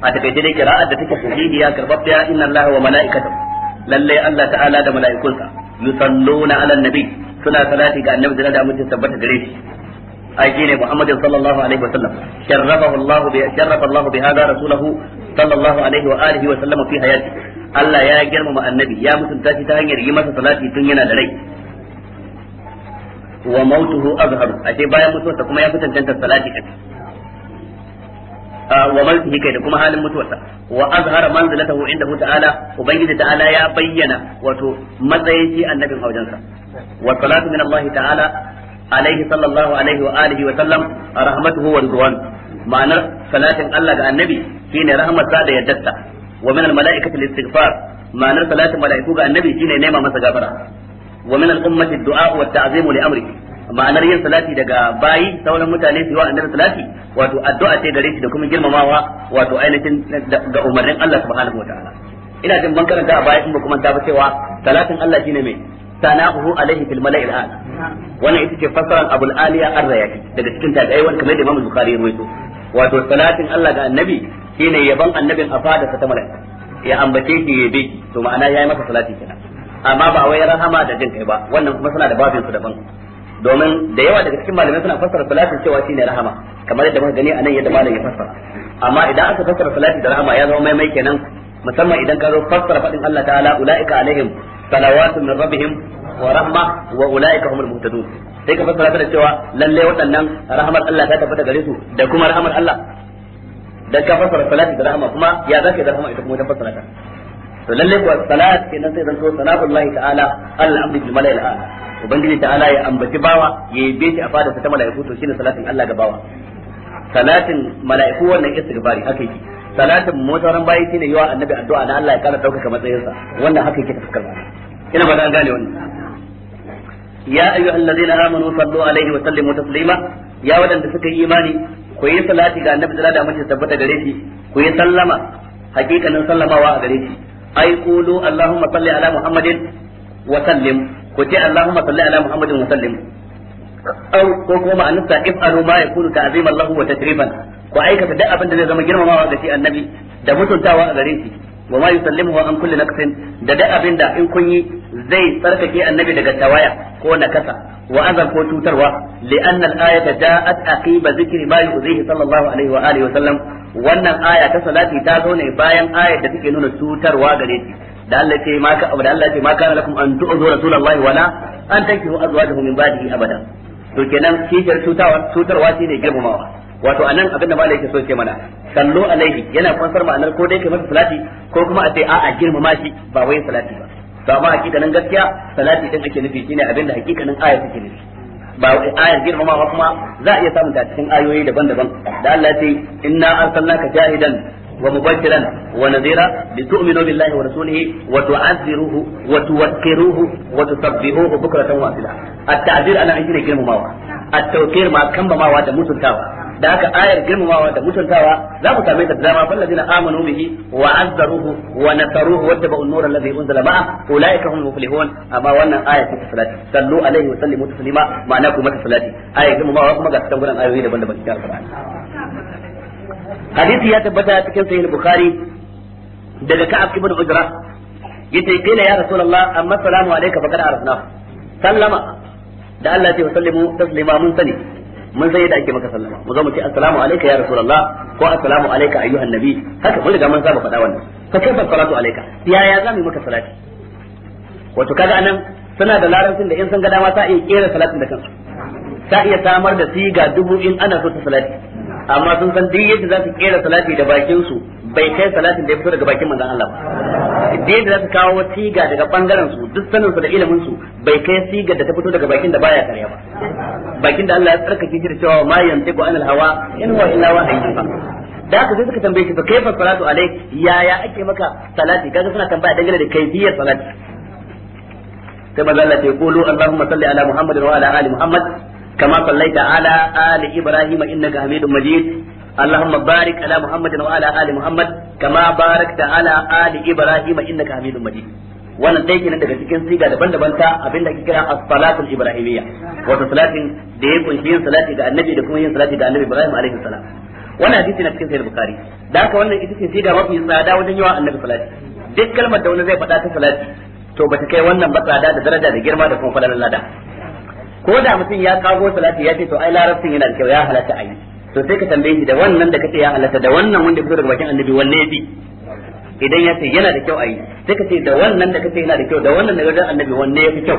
a takaice dai qira'a da take sahihiya karbabbiya inna allaha wa malaikatahu lalle Allah ta'ala da mala'ikunsa yusalluna 'alan nabi suna salati ga annabi da da mutum tabbata ai shine Muhammad sallallahu alaihi wasallam sharrafahu sharrafa Allah bi hada rasulahu sallallahu alaihi wa alihi wa sallam fi hayati Allah ya girmama annabi ya mutunta shi ta hanyar yi masa salati tun yana da rai wa mautuhu azharu ashe bayan mutuwarsa kuma ya fi tantance salati kafi wa mautuhi kai da kuma halin mutuwarsa wa azhara manzilatahu indahu ta'ala ubangiji ta'ala ya bayyana wato matsayin annabin haujansa wa salatu min alaihi sallallahu alaihi wa alihi wa sallam rahmatuhu wa ridwan ma'anar salatin Allah ga annabi shine rahmatsa da yaddarsa wa min al-mala'ikati al-istighfar ma'anar salatin mala'iku ga annabi shine nema masa gafara wa min al-ummati ad-du'a wa at-ta'zim li amri ma'anar yin salati daga bayi sauran mutane su yi wa annabi salati wato addu'a ce gare shi da kuma girmamawa wato ainihin da umarnin Allah subhanahu wa ta'ala ina jin ban karanta a baya in ba kuma ta ba cewa salatin Allah shine mai sana'uhu alaihi fil mala'i al wannan ita ce fasaran abul aliya ar-rayaki daga cikin tabi'ai wanda kamar da Imam Bukhari ya rawaito wato salatin Allah ga annabi shine yaban annabin a fada ta mala'ika ya ambace shi yabe to ma'ana yayi masa salati kenan amma ba wai rahama da jin ba wannan kuma suna da domin da yawa daga cikin malamai suna fassara salatin cewa shine rahama kamar yadda muka gani anan yadda malam ya fassara amma idan aka fassara salati da rahama ya zama maimai kenan musamman idan ka zo fassara fadin Allah ta'ala ulaika alaihim salawatun min rabbihim wa rahma wa ulaika humul muhtadun sai ka fassara da cewa lalle waɗannan rahmar Allah ta tabbata gare su da kuma rahmar Allah dan ka fassara salati da rahma kuma ya zaka da rahma ita kuma ta fassara ta to lalle kuwa salat ke nan sai zan zanto salatullahi ta'ala al-abdu bil mala'il a'la ubangiji ta'ala ya ambaci bawa ya yi shi a fada ta mala'iku to shine salatin Allah ga bawa salatin mala'iku wannan istighfari haka yake salatin motaran bayi shine yawa annabi addu'a da Allah ya kara daukaka matsayinsa wannan haka yake tafkar ina ba dan gane wannan ya ayyuhallazina amanu sallu alaihi wa sallimu taslima ya wadanda suka yi imani ku yi salati ga annabi da mace tabbata gare shi ku yi sallama hakikanin sallamawa a gare shi ai qulu allahumma salli ala muhammadin wa sallim ku ce allahumma salli ala muhammadin wa sallim au ko kuma ma'anarsa if'alu ma yakunu ta'zima allah wa tajriban ku aikata duk abin da zai zama girmamawa ga shi annabi da mutuntawa a gare shi wa ma yusallimuhu an kulli naqsin da duk abin da in kun yi zai tsarkake annabi daga tawaya ko nakasa wa azan ko cutarwa li anna al ayata ja'at aqiba dhikri ma yuzihi sallallahu alaihi wa alihi wa sallam wannan aya ta salati ta zo ne bayan ayar da take nuna cutarwa gare shi da Allah ce ma ka da Allah ce ma kana lakum an tu'zu rasulullahi wala an tankihu azwajahu min ba'dihi abada to kenan kishar cutarwa cutarwa shine girmamawa wato anan abin da malai yake so ce mana sallu alaihi yana kwansar ma'anar ko dai kai masa salati ko kuma a ce a'a girmama shi ba wai salati ba to amma hakikanin gaskiya salati din ake nufi shine abin da hakikanin aya take nufi ba ayar girmamawa kuma za a iya samun ta cikin ayoyi daban-daban da Allah ce inna arsalnaka shahidan wa mubashiran wa nadhira litu'minu billahi wa rasulihi wa tu'azziruhu wa tuwaqqiruhu wa tusabbihuhu bukratan wa asila at-ta'zir ana an shine girmamawa at-tawqir ma kambamawa da mutuntawa da aka ayar girmamawa da mutuntawa za ku same ta da dama na amanu bihi wa azzaruhu wa nasaruhu wa tabu an-nur alladhi unzila ma'a ulaika hum muflihun amma wannan aya ce salati sallu alaihi wa sallimu taslima ma'ana ku mata salati ayar girmamawa kuma ga cikin gurin ayoyi daban-daban cikin alqur'ani hadisi ya tabbata cikin sahih bukhari daga ka'ab ibn ya rasulullah amma salamu sallama da Allah ce sallimu taslima mun sani mun san yadda ake maka sallama mu zo mu ce assalamu alayka ya rasulullah ko assalamu alayka ayyuhan nabi haka mun riga mun saba faɗa wannan fa kaifa salatu alayka yaya ya mu maka salati wato kaga anan suna da larabcin da in sun ga dama ta iya kera salatin da kansu ta iya samar da siga dubu in ana so ta salati amma sun san duk yadda za su kera salati da bakin su bai kai salatin da ya fito daga bakin manzon Allah ba da yadda za su kawo siga daga bangaren su duk sanin su da ilimin su bai kai siga da ta fito daga bakin da baya karya ba bakin da Allah ya tsarkake shi da cewa ma yantiqu anil hawa in huwa illa wahyun fa da haka sai suka tambaye shi fa kaifa salatu alaik yaya ake maka salati kaga suna tambaya dangane da kaifiyar salati sai manzo Allah ya qulu Allahumma salli ala Muhammadin wa ala ali Muhammad kama sallaita ala ali Ibrahim innaka Hamidum Majid اللهم بارك على محمد وعلى ال محمد كما باركت على ال ابراهيم انك حميد مجيد wannan dai kenan daga cikin siga daban-daban ta abin da ake kira as-salatul ibrahimiyya wato salatin da ya kunshi yin salati ga annabi da kuma yin salati ga annabi Ibrahim alaihi salam wannan hadisi na cikin sahih bukhari da haka wannan ita ce siga mafi tsada wajen yawa annabi salati duk kalmar da wani zai faɗa ta salati to bata kai wannan ba tsada da daraja da girma da kuma falalar lada ko da mutum ya kago salati ya ce to ai larabcin yana da kyau ya halatta ayi to sai ka tambaye shi da wannan da kace ya halatta da wannan wanda fito daga bakin annabi wanne yafi idan ya ce yana da kyau a yi sai ka ce da wannan da kace yana da kyau da wannan da gadan annabi wanne yafi kyau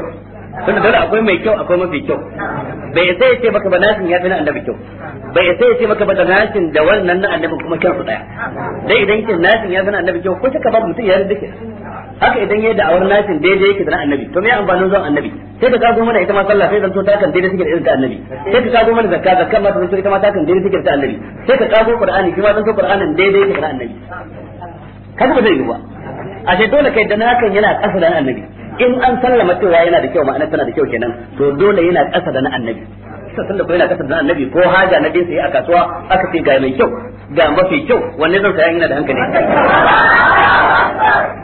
tunda dole akwai mai kyau akwai mafi kyau bai sai ya ce maka ba ya yafi na annabi kyau bai sai ya ce maka ba da da wannan na annabi kuma kyau su daya dai idan kin nasin fi na annabi kyau ko ka ba mutum ya rubuta haka idan da awar nafin daidai yake da annabi to me amfanin zuwa annabi sai ka kago mana ita ma sallah sai zanto ta kan daidai take da irin ta annabi sai ka kago mana zakka zakka ma zanto ita ma ta kan daidai take da ta annabi sai ka kago qur'ani shi ma zanto qur'anin daidai ka da annabi kaga ba zai yi ba a sai dole kai da kan yana kasa da annabi in an sallama cewa yana da kyau ma'ana tana da kyau kenan to dole yana kasa da annabi sassan sallar ko yana kasa da annabi ko haja na bin sai a kasuwa aka ce ga mai kyau ga mafi kyau wanne zan saya yana da hankali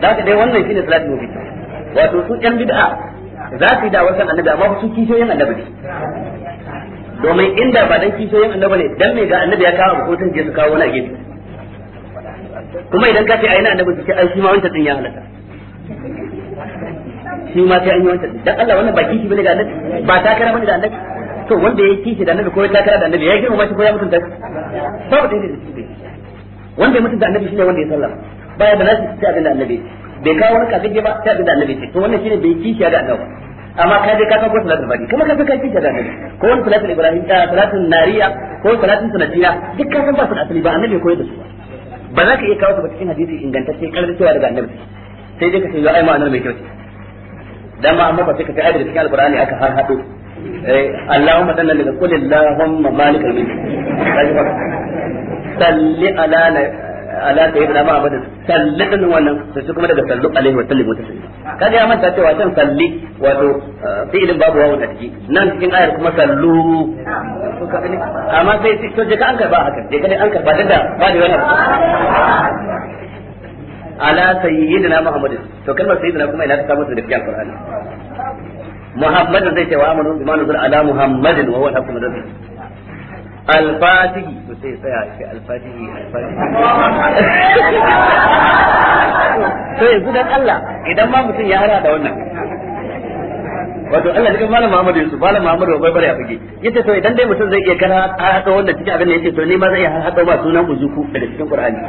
Za haka dai wannan shine mu nabi wato su yan bid'a za su yi da wasan annabi amma su kishiyoyin annabi ne domin inda ba dan kishiyoyin annabi ne dan me ga annabi ya kawo ko tun je su kawo wani a gefe kuma idan ka ce a na annabi sai ai shi ma wancan din ya halaka shi ma sai an yi wancan dan Allah wannan ba kishi bane ga annabi ba takara bane da annabi to wanda ya kishi da annabi ko ya takara da annabi ya girma shi ko ya mutunta babu dai da shi wanda ya mutunta annabi shine wanda ya sallama baya da nasi sai abin da annabi bai kawo wani kafin ba sai abin da annabi ce to wannan shine bai kishi da annabi amma ka je ka san ko salatul fati kuma ka san kai kishi da annabi ko wani salatul ibrahim ta salatul nariya ko salatul sanadiyya duk ka san ba su da asali ba annabi ya koyar da su ba za ka iya kawo su ba cikin hadisi ingantacce karar cewa daga annabi sai dai ka ce ai ma'anar mai kyau dan ma amma ba sai ka ce ai da cikin alqur'ani aka har hado eh اللهم صل على قل اللهم مالك الملك صل على ala sayyidina Muhammad sallallahu wannan sai su kuma daga sallu alaihi wa sallam sallu kaga ya manta cewa can salli wato eh, fi'ilin babu wawu take nan cikin ayar kuma sallu amma sai to je ka an karba haka je ka an karba da ba da wani ala sayyidina Muhammad to kalmar sayyidina kuma ina ta samu da cikin alqur'ani muhammad zai ce wa amanu bi ma nuzila ala Muhammadin wa huwa al-haqqu الفاتحي to sai tsaya الفاتحي alfatihi alfatihi to yanzu dan Allah idan ma mutum ya wannan wato Allah cikin malam Muhammad Yusuf malam Muhammad Babai bare ya fage yace to idan dai mutum zai iya kana hada wannan cikin abin da yake to ni ma zai iya hada ba sunan uzuku da cikin Qur'ani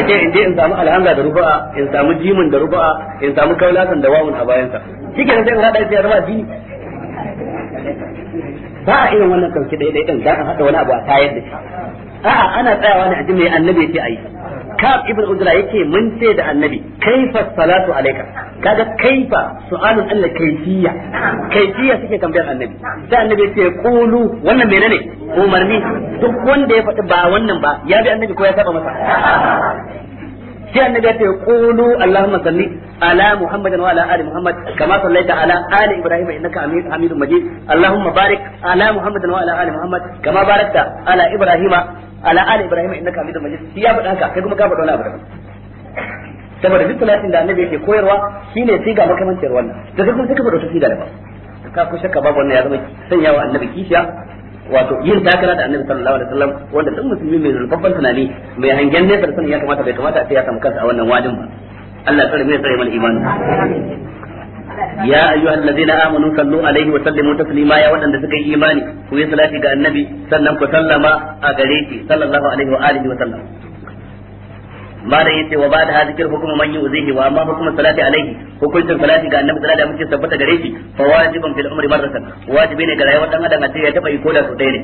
yace in dai in samu alhamda da rubu'a in samu jimin da rubu'a in samu kaulatan da wawun a bayan sa shikenan sai in hada shi ya zama ji ba a irin wannan ɗauki ɗaya ɗin za a haɗa wani abu a tayar da shi a'a ana tsayawa ne a ji mai annabi a yi kab ibn ya yake mun ce da annabi kaifa salatu alayka kaga kaifa su'alun Allah kaifiya kaifiya suke tambayar annabi sai annabi ya ce qulu wannan menene umarni duk wanda ya faɗi ba wannan ba ya bi annabi ko ya saba masa sai annabi ya ce qulu allahumma salli ala muhammadin wa ala ali muhammad kama sallaita ala ali ibrahim innaka hamidum majid allahumma barik ala muhammadin wa ala ali muhammad kama barakta ala ibrahim ala ali ibrahim innaka hamidum majid shi ya faɗa haka kai kuma ka faɗa wani abu daban saboda duk salatin da annabi yake koyarwa shine siga makamancin wannan da kuma suka faɗa wata siga daban ka babu wannan ya zama sanyawa annabi kishiya wato yin takara da annabi sallallahu alaihi wasallam wanda duk musulmi mai zurfafan tunani mai hangen nesa da sanin ya kamata bai kamata a ce ya samu kansa a wannan wadin ba Allah tsare mai tsare mana imani ya ayyuhal ladina amanu sallu alaihi wa sallimu taslima ya wadanda suka yi imani ku yi salati ga annabi sannan ku sallama a gare shi sallallahu alaihi wa alihi wa sallam malam yace wa ba'da hadhihi hukumu man yuzihi wa amma hukumu salati alaihi hukuncin salati ga annabi sallallahu alaihi wasallam tabbata gare shi fa wajibun fil umri marratan wajibi ne ga rayuwar dan adam a ce ya taba yi koda su ɗaya ne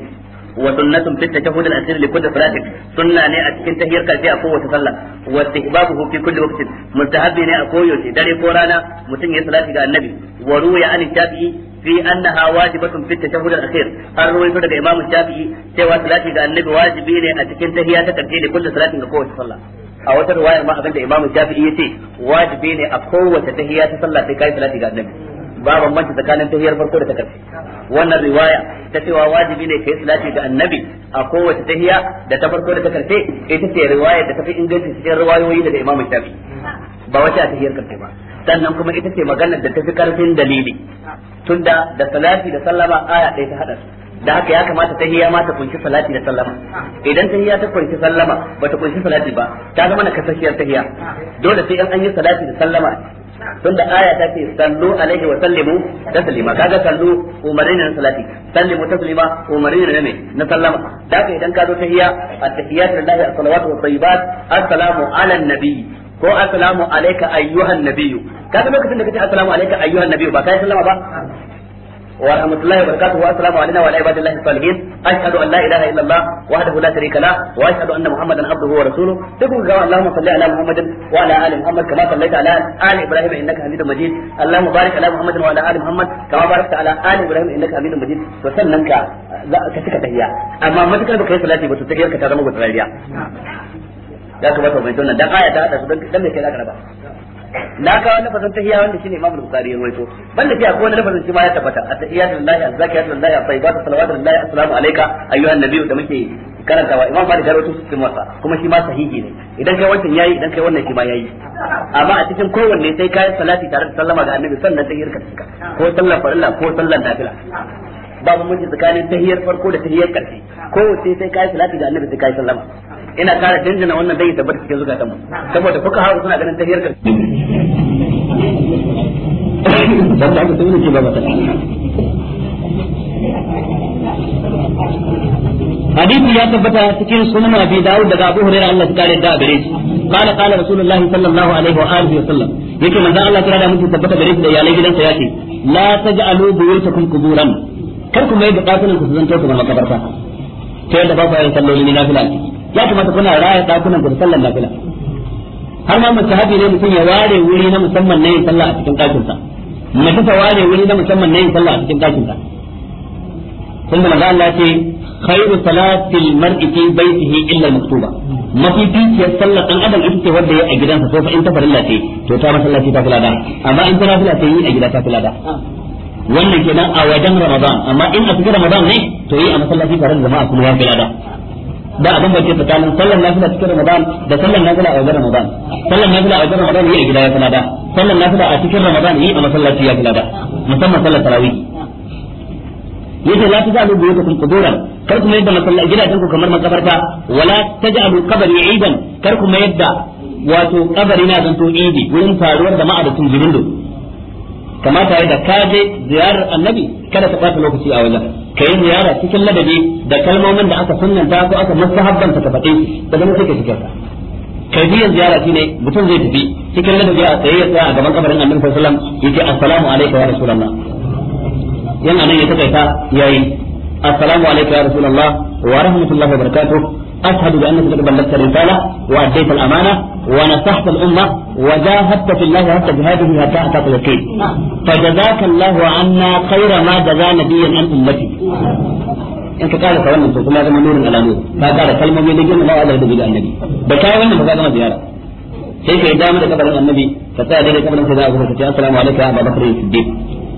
wa sunnatun fit tashahhud al asir li kulli salati sunna ne a cikin tahiyar kafi a kowace sallah wa istihbabuhu fi kulli waqtin mustahabi ne a koyaushe dare ko rana mutum ya salati ga annabi wa ruya an shafi'i في انها واجبه في التشهد الاخير an ruwaito daga imam shafi'i cewa salati ga annabi wajibi ne a cikin tahiyar ta karshe da kulli salati ga kowace sallah a wata ruwaya ma abinda imamu shafi'i ce wajibi ne a kowace tahiyya ta sallah sai kai salati ga annabi ba bambanci tsakanin tahiyar farko da ta karshe wannan riwaya ta cewa wajibi ne kai salati ga annabi a kowace tahiyya da ta farko da ta karshe ita ce riwaya da ta fi inganci cikin riwayoyi daga imamu shafi'i ba wace a hiyar karshe ba sannan kuma ita ce maganar da ta fi karfin dalili tunda da salati da sallama aya ɗaya ta haɗa su da haka ya kamata tahiyya ma ta kunshi salati da sallama idan tahiyya ta kunshi sallama ba ta kunshi salati ba ta zama na nakasashiyar tahiyya dole sai in an yi salati da sallama tunda aya ta ce sallu alaihi wa sallimu taslima kaga sallu umarni na salati sallimu taslima umarin na ne na sallama da haka idan ka zo tahiyya at-tahiyyatu lillahi as-salawatu wat-tayyibat assalamu ala an-nabi ko assalamu alayka ayyuhan nabiyyu kaga lokacin da kace assalamu alayka ayyuhan nabiyyu ba kai sallama ba ورحمة الله وبركاته والسلام علينا وعلى عباد الله الصالحين أشهد أن لا إله إلا الله وحده لا شريك له وأشهد أن محمدا عبده ورسوله تقول اللهم صل على محمد وعلى آل محمد كما صليت على آل إبراهيم إنك حميد مجيد اللهم بارك على محمد وعلى آل محمد كما باركت على آل إبراهيم إنك حميد مجيد وسلمك كتك تهيا أما ما تكره بكيف صلاتي بتتكير كتابة مغتراليا ya kamata mai tunan dan aya ta hada su dan me kai zaka raba na kawo lafazin tahiyya wanda shine Imam Bukhari ya rawaito da sai ko wani lafazin shi ma ya tabbata at-tahiyyatu lillahi az-zakiyatu lillahi at-tayyibatu salawatu lillahi assalamu alayka ayyuhan nabiyyu da muke karantawa Imam Bukhari ya rawaito cikin wasa kuma shi ma sahihi ne idan kai wancan yayi idan kai wannan shi ma yayi amma a cikin kowanne sai kai salati tare da sallama ga Annabi sannan tahiyar ka cika ko sallar farilla ko sallar nafila babu mun tsakanin tahiyar farko da tahiyar karshe ko sai sai kai salati ga Annabi sai kai sallama ina kara dangana wannan dai tabbata cikin zukatan mu saboda fuka hawa suna ganin tahiyar kan dan da aka tuna ce ba mata hadisi ya tabbata cikin sunan abi dawud daga abu hurairah Allah ya kare da gare shi قال قال رسول الله صلى الله عليه واله وسلم yake manzo Allah ta da mutum tabbata gare shi da iyalai gidansa yake la taj'alu buyutakum quburan kar ku mai da katunan ku zanto ku na makabarta ta yadda babu ku yin salloli na nafila ya kamata kuna raya dakunan ku da sallar nafila har ma mustahabi ne mutum ya ware wuri na musamman na yin sallah a cikin ɗakin sa mace ta ware wuri na musamman na yin sallah a cikin ɗakin sa kun da maza Allah ce khairu salatil mar'i fi baitihi illa maktuba mafi dukiyar sallar dan adam ita ce wanda ya a gidansa ko fa in ta farilla ce to ta masallaci ta kula da amma in ta nafila ce yi a gida ta kula da wannan kenan a wajen Ramadan amma in a cikin Ramadan ne to yi a masallaci tare da jama'a kuma ya kula da da a bambance tsakanin sallar nafila cikin ramadan da sallan nafila a wajen ramadan sallan nafila a wajen ramadan yi a gida ya fi lada sallar nafila a cikin ramadan yi a masallaci ya fi lada musamman sallar tarawih yace la tajalu buyutakum quburan kar ku mayar da masallaci gidajen ku kamar makabarta wala tajalu qabri idan kar ku mayar da wato kabari na zanto idi wurin faruwar da ma'a da tunjirin kamata ya da ka je ziyarar annabi kada ka ɓata lokaci a wajen ka yi ziyara cikin ladabi da kalmomin da aka sunnanta ko aka mustahabbanta ka faɗe da ganin sai ka shigar kai biyan ziyara ne mutum zai tafi cikin ladabi a tsaye ya tsaya a gaban kabarin annabi sallallahu alaihi wasallam yace assalamu alaikum ya rasulullah yan anan ya takaita yayi assalamu alaikum ya rasulullah wa rahmatullahi wa barakatuh ashhadu bi annaka qad ballaghta risalah wa addayta al-amana wa nasahta al umma. وجاهدت في الله حتى جهاده حتى أتاك فجزاك الله عنا خير ما جزى نبيا عن امتي in ka kara wannan to kuma نور nurin alamu ka kara kalmomi da girma ba da bi da kai wannan ba sai ka yi dama da kabarin annabi ka tsaya daidai kabarin sai za ka ce assalamu alaikum ya Abu Bakr Siddiq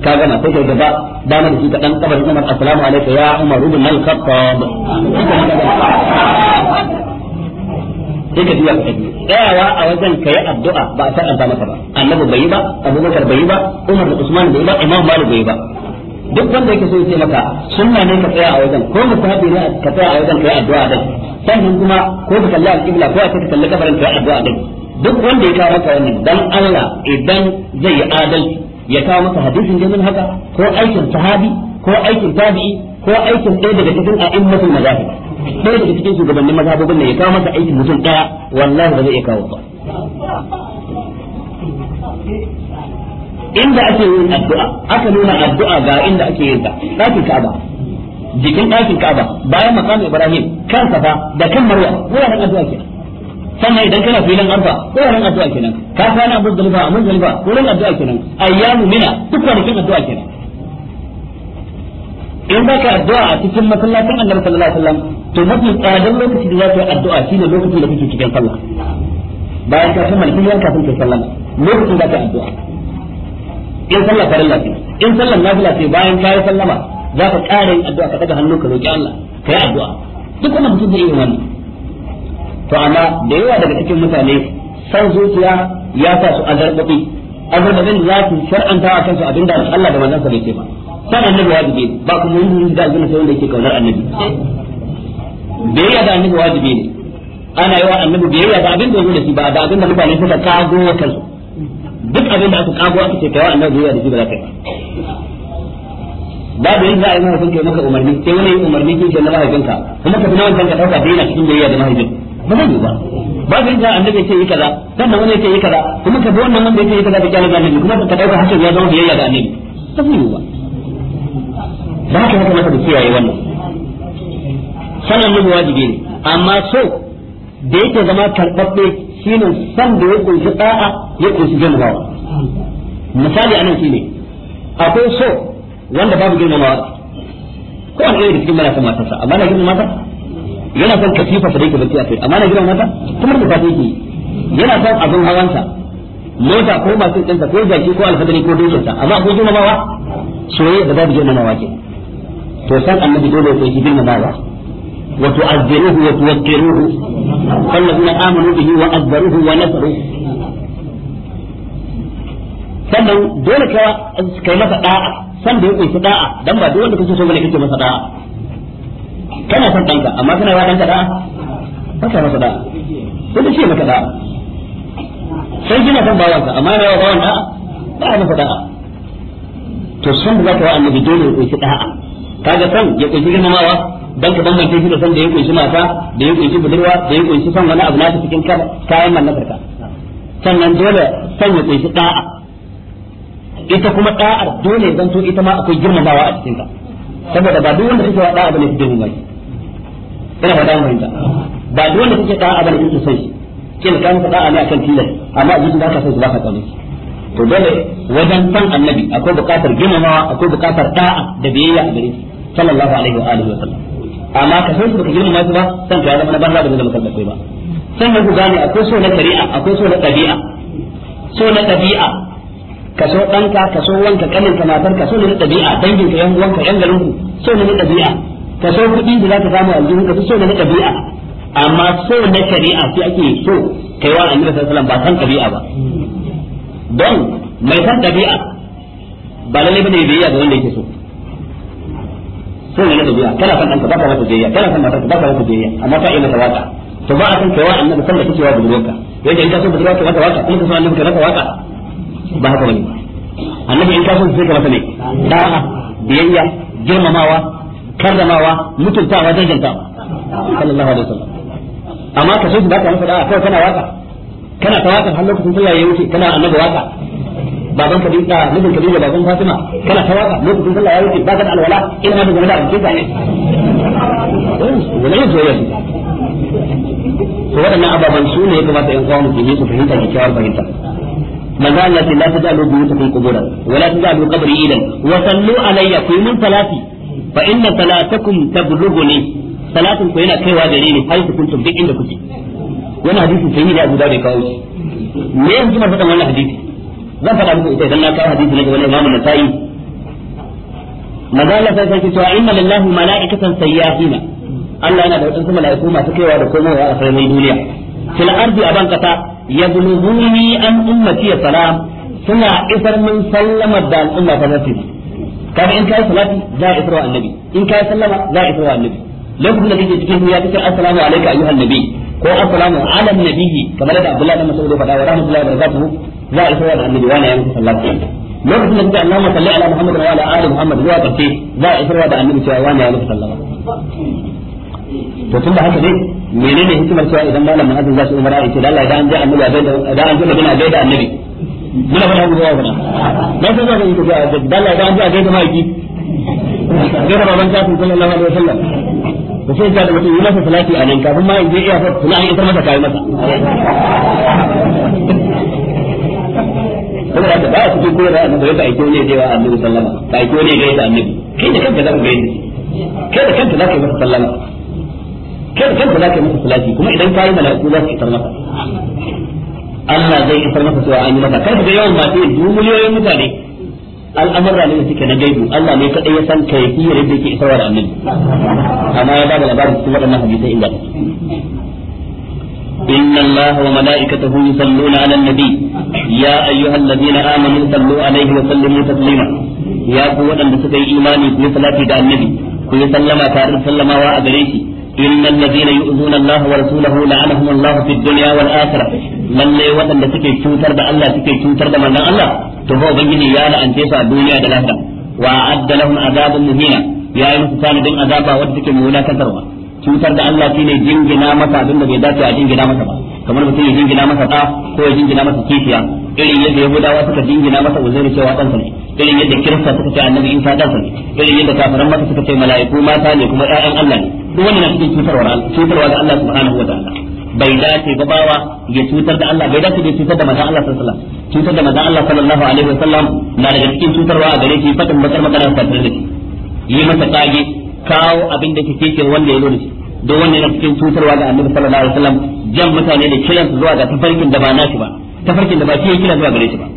ka gama sai ka gaba dama da shi kaɗan dan kabarin Umar assalamu alaikum ya Umar ibn al-Khattab sai ka juya ka biyu tsayawa a wajen ka yi addu'a ba a faranta masa ba annabi bai yi ba abubakar bai yi ba umar da usman bai yi ba imam malik bai yi ba duk wanda yake so yace maka sunna ne ka tsaya a wajen ko musahabi ne ka tsaya a wajen ka yi addu'a din sannan kuma ko ka kalli al-qibla ko ka kalli kabarin ka yi addu'a din duk wanda ya kawo maka wani dan Allah idan zai yi adalci ya kawo maka hadisin jamin haka ko aikin sahabi ko aikin tabi'i ko aikin ɗaya daga cikin mutum mazahib ɗaya daga cikin shugabannin mazhabobin ne ya kawo masa aikin mutum ɗaya wallahi ba zai iya kawo ba inda ake yin addu'a aka nuna addu'a ga inda ake yin ta ɗakin Ka'aba jikin ɗakin Ka'aba bayan maqam Ibrahim kan safa da kan Marwa wuraren addu'a kenan sannan idan kana filin arfa wuraren addu'a kenan ka kana muzdalifa a muzdalifa wurin addu'a kenan ayyamu mina duk kwanakin addu'a kenan in za ka addu'a a cikin masallacin annabi sallallahu alaihi wasallam to mafi tsadan lokaci da za ka yi addu'a shine lokacin da kake cikin sallah bayan ka kammala kiyan kafin kai sallah lokacin da ka addu'a in sallah farilla lafi in sallah nafila ce bayan ka yi sallama za ka ƙara yin addu'a ka daga hannu ka roki Allah ka yi addu'a duk wannan mutum zai yi wannan to amma da yawa daga cikin mutane san zuciya ya sa su azarbabi azarbabin za su shar'anta a kansu abinda Allah da manzon sa bai ce ba ba san annabi wajibi ba ku mun yi da gina sai wanda yake kaunar annabi biyayya da annabi wajibi ne ana yawa annabi biyayya da abin da yake da shi ba da abin da mutane suka kago kan duk abin da aka kago aka ce kawai annabi biyayya da shi ba za ka yi babu yadda za a yi mahaifin kai maka umarni sai wani yi umarni ke ke na mahaifinka kuma ka fi nawan kanka dauka daina cikin biyayya da mahaifin ba zai yi ba ba babu yadda annabi ce yi kaza da wani ce yi kaza kuma ka bi wannan wanda ya ce yi kaza da kyalin annabi kuma ka ɗauka hakan ya zama biyayya da annabi ba zai yi ba ba ka haka masa da kiyaye wannan sannan nubu wajibi ne amma so da yake zama karɓaɓɓe shine san da ya kunshi da'a ya kunshi girmamawa misali anan shine akwai so wanda babu girmamawa ko an iya da cikin ta sa amma na girmama ta yana son kasifa da yake barci a kai amma na girmama ta kuma da fata yake yana son abin hawansa mota ko masu ɗinsa ko jaki ko alfadari ko dokinsa amma akwai girmamawa soyayya da babu girmamawa kenan to san annabi dole sai ki girmamawa wa tu'azziruhu wa tuwaqqiruhu fallazina amanu bihi wa azzaruhu wa nasaru sannan dole ka kai masa da'a san da ya da'a dan ba duk wanda kake so bane kake masa da'a kana san danka amma kana yawa danka da'a ba ka masa da'a ko da ce maka da'a sai kina son ka amma yana yawa bawan da'a ba ka masa da'a to san da zaka wa annabi dole ya kunshi da'a kaga san ya kunshi girmamawa dan ka bambance shi da san da ya kunshi mata da ya kunshi budurwa da ya kunshi san wani abu naka cikin kayan mallakarka sannan dole san ya kunshi da'a ita kuma da'ar dole zan to ita ma akwai girmamawa a cikin ka saboda ba duk wanda kake wa da'a bane cikin mai ina ba da mai ba duk wanda kake da'a bane cikin sai shi kina kan ka da'a ne akan tilas amma a jikin da ka son ba ka kaune to dole wajen san annabi akwai bukatar girmamawa akwai bukatar da'a da biyayya a gare shi sallallahu alaihi wa alihi wa sallam amma ka san su baka girma su ba san ka ya zama na banza da zama kallon kai ba sannan ku gane akwai so na shari'a akwai so na ɗabi'a so na ɗabi'a kaso ka so wanka ka matar ka so na ɗabi'a ka yan uwanka yan ku so na na ɗabi'a so kuɗi da za ka samu aljihu ka so na ɗabi'a amma so na shari'a sai ake so kai wa annabi sallallahu alaihi ba san ɗabi'a ba don mai san ɗabi'a ba lalle bane biya da wanda yake so sai ya biya kana san danka baka masa biyayya kana san matarka baka masa biyayya amma ta yi masa waka to ba a san kai wa nan san da kake wa budurwarka yadda in ka so budurwarka mata waka kuma ka so annabi ka mata waka ba haka bane annabi in ka so sai ka masa ne da'a biyayya girmamawa karramawa mutuntawa darjantawa sallallahu alaihi wasallam amma ka so shi baka masa da'a kawai kana waka kana ta waka har lokacin sallah ya wuce kana annabi waka baban Khadija mijin Khadija baban Fatima kana tawaka lokacin sallah ya wuce ba ka da alwala ina da game da abincin ka ne wani ne soyayya to waɗannan ababan su ne ya kamata ƴan uwa musulmi su fahimta kyakkyawar fahimta manzo Allah ce la tajalu buyutakum qubura wa la tajalu qabri idan wa sallu alayya ku min salati fa inna salatakum tablughuni salatin ku yana kaiwa gare ni har kuntum duk inda kuke wannan hadisin sai da Abu Dawud ya kawo shi me yanzu na faɗan wannan hadisi zan faɗa muku ita idan na kawo hadisi na gaba na imamu nasa'i mazala sai sai cewa inna lillahi mala'ikatan sayyahina Allah yana da wadansu mala'iku masu kaiwa da komowa a sararin duniya fil ardi aban kata yablughuni an ummati salam suna isar min sallamar da al'umma ta zafi kaga in kai salati za a isarwa annabi in kai sallama za a isarwa annabi lokacin da kake cikin ya kace assalamu alayka ayyuhan nabi ko assalamu ala nabi kamar da Abdullahi bin Mas'ud ya faɗa wa rahmatullahi wa barakatuhu za a isar da annabi wani ya mutu lokacin da kuka Allahumma salli ala Muhammad wa ala ali Muhammad zuwa karshe za a isar da annabi cewa wani ya mutu ba to tunda haka dai menene hikimar cewa idan malam mun azin za su umara yace da Allah idan an ji annabi idan an magana da annabi muna fara zaka yi da Allah idan an a gaida baban sallallahu alaihi wasallam sai da mutum salati a nan kafin ma in je iya fa kula an isar masa kai masa saboda da ba a cikin koyarwa annabi sai ka aike wani ya je wa annabi sallama ka aike wani ya gaida annabi kai da kanka za ka gaida kai da kanka za ka yi masa sallama kai da kanka za ka yi masa salati kuma idan ka yi mala'iku za su isar maka Allah zai isar masa cewa an yi maka kai ga yawan masu yi miliyoyin mutane al'amurra ne da suke na gaibu Allah ne kadai ya san kai kiyar da yake isarwa da annabi amma ya ba da labarin cikin waɗannan hadisai inda إن الله وملائكته يصلون على النبي يا أيها الذين آمنوا صلوا عليه وسلموا تسليما يا قوة أن تسكي إيماني في صلاة دع النبي كل سلم فارد سلم وأدريسي إن الذين يؤذون الله ورسوله لعنهم الله في الدنيا والآخرة من لي وطن تسكي توتر دع الله تسكي توتر دع من الله تفو بيني يا لأن تسع الدنيا دلاثة وأعد لهم عذاب مهينا يا أيها الذين عذابا ودك مولا كثروا cutar da Allah shine jingina masa abin da bai dace a jingina masa ba kamar mutum ya jingina masa da ko ya jingina masa kifiya irin yadda yahudawa suka jingina masa uzairu cewa dan sa ne irin yadda kirista suka ce annabi isa dan sa ne irin yadda kafiran masa suka ce mala'iku mata ne kuma ƴaƴan Allah ne duk wannan cikin cutarwa cutarwa ga Allah subhanahu wataala bai dace ba bawa ya cutar da Allah bai dace da cutar da manzon Allah sallallahu alaihi wasallam cutar da manzon Allah sallallahu alaihi wasallam na daga cikin cutarwa a gare shi fadin bakar magana sa tare da shi yi masa kage kawo abin da kike ce wanda ya zo da shi don wannan yana cikin cutarwa ga annabi sallallahu alaihi wasallam jan mutane da kiran su zuwa ga tafarkin da ba nashi ba tafarkin da ba shi ya kira zuwa gare shi ba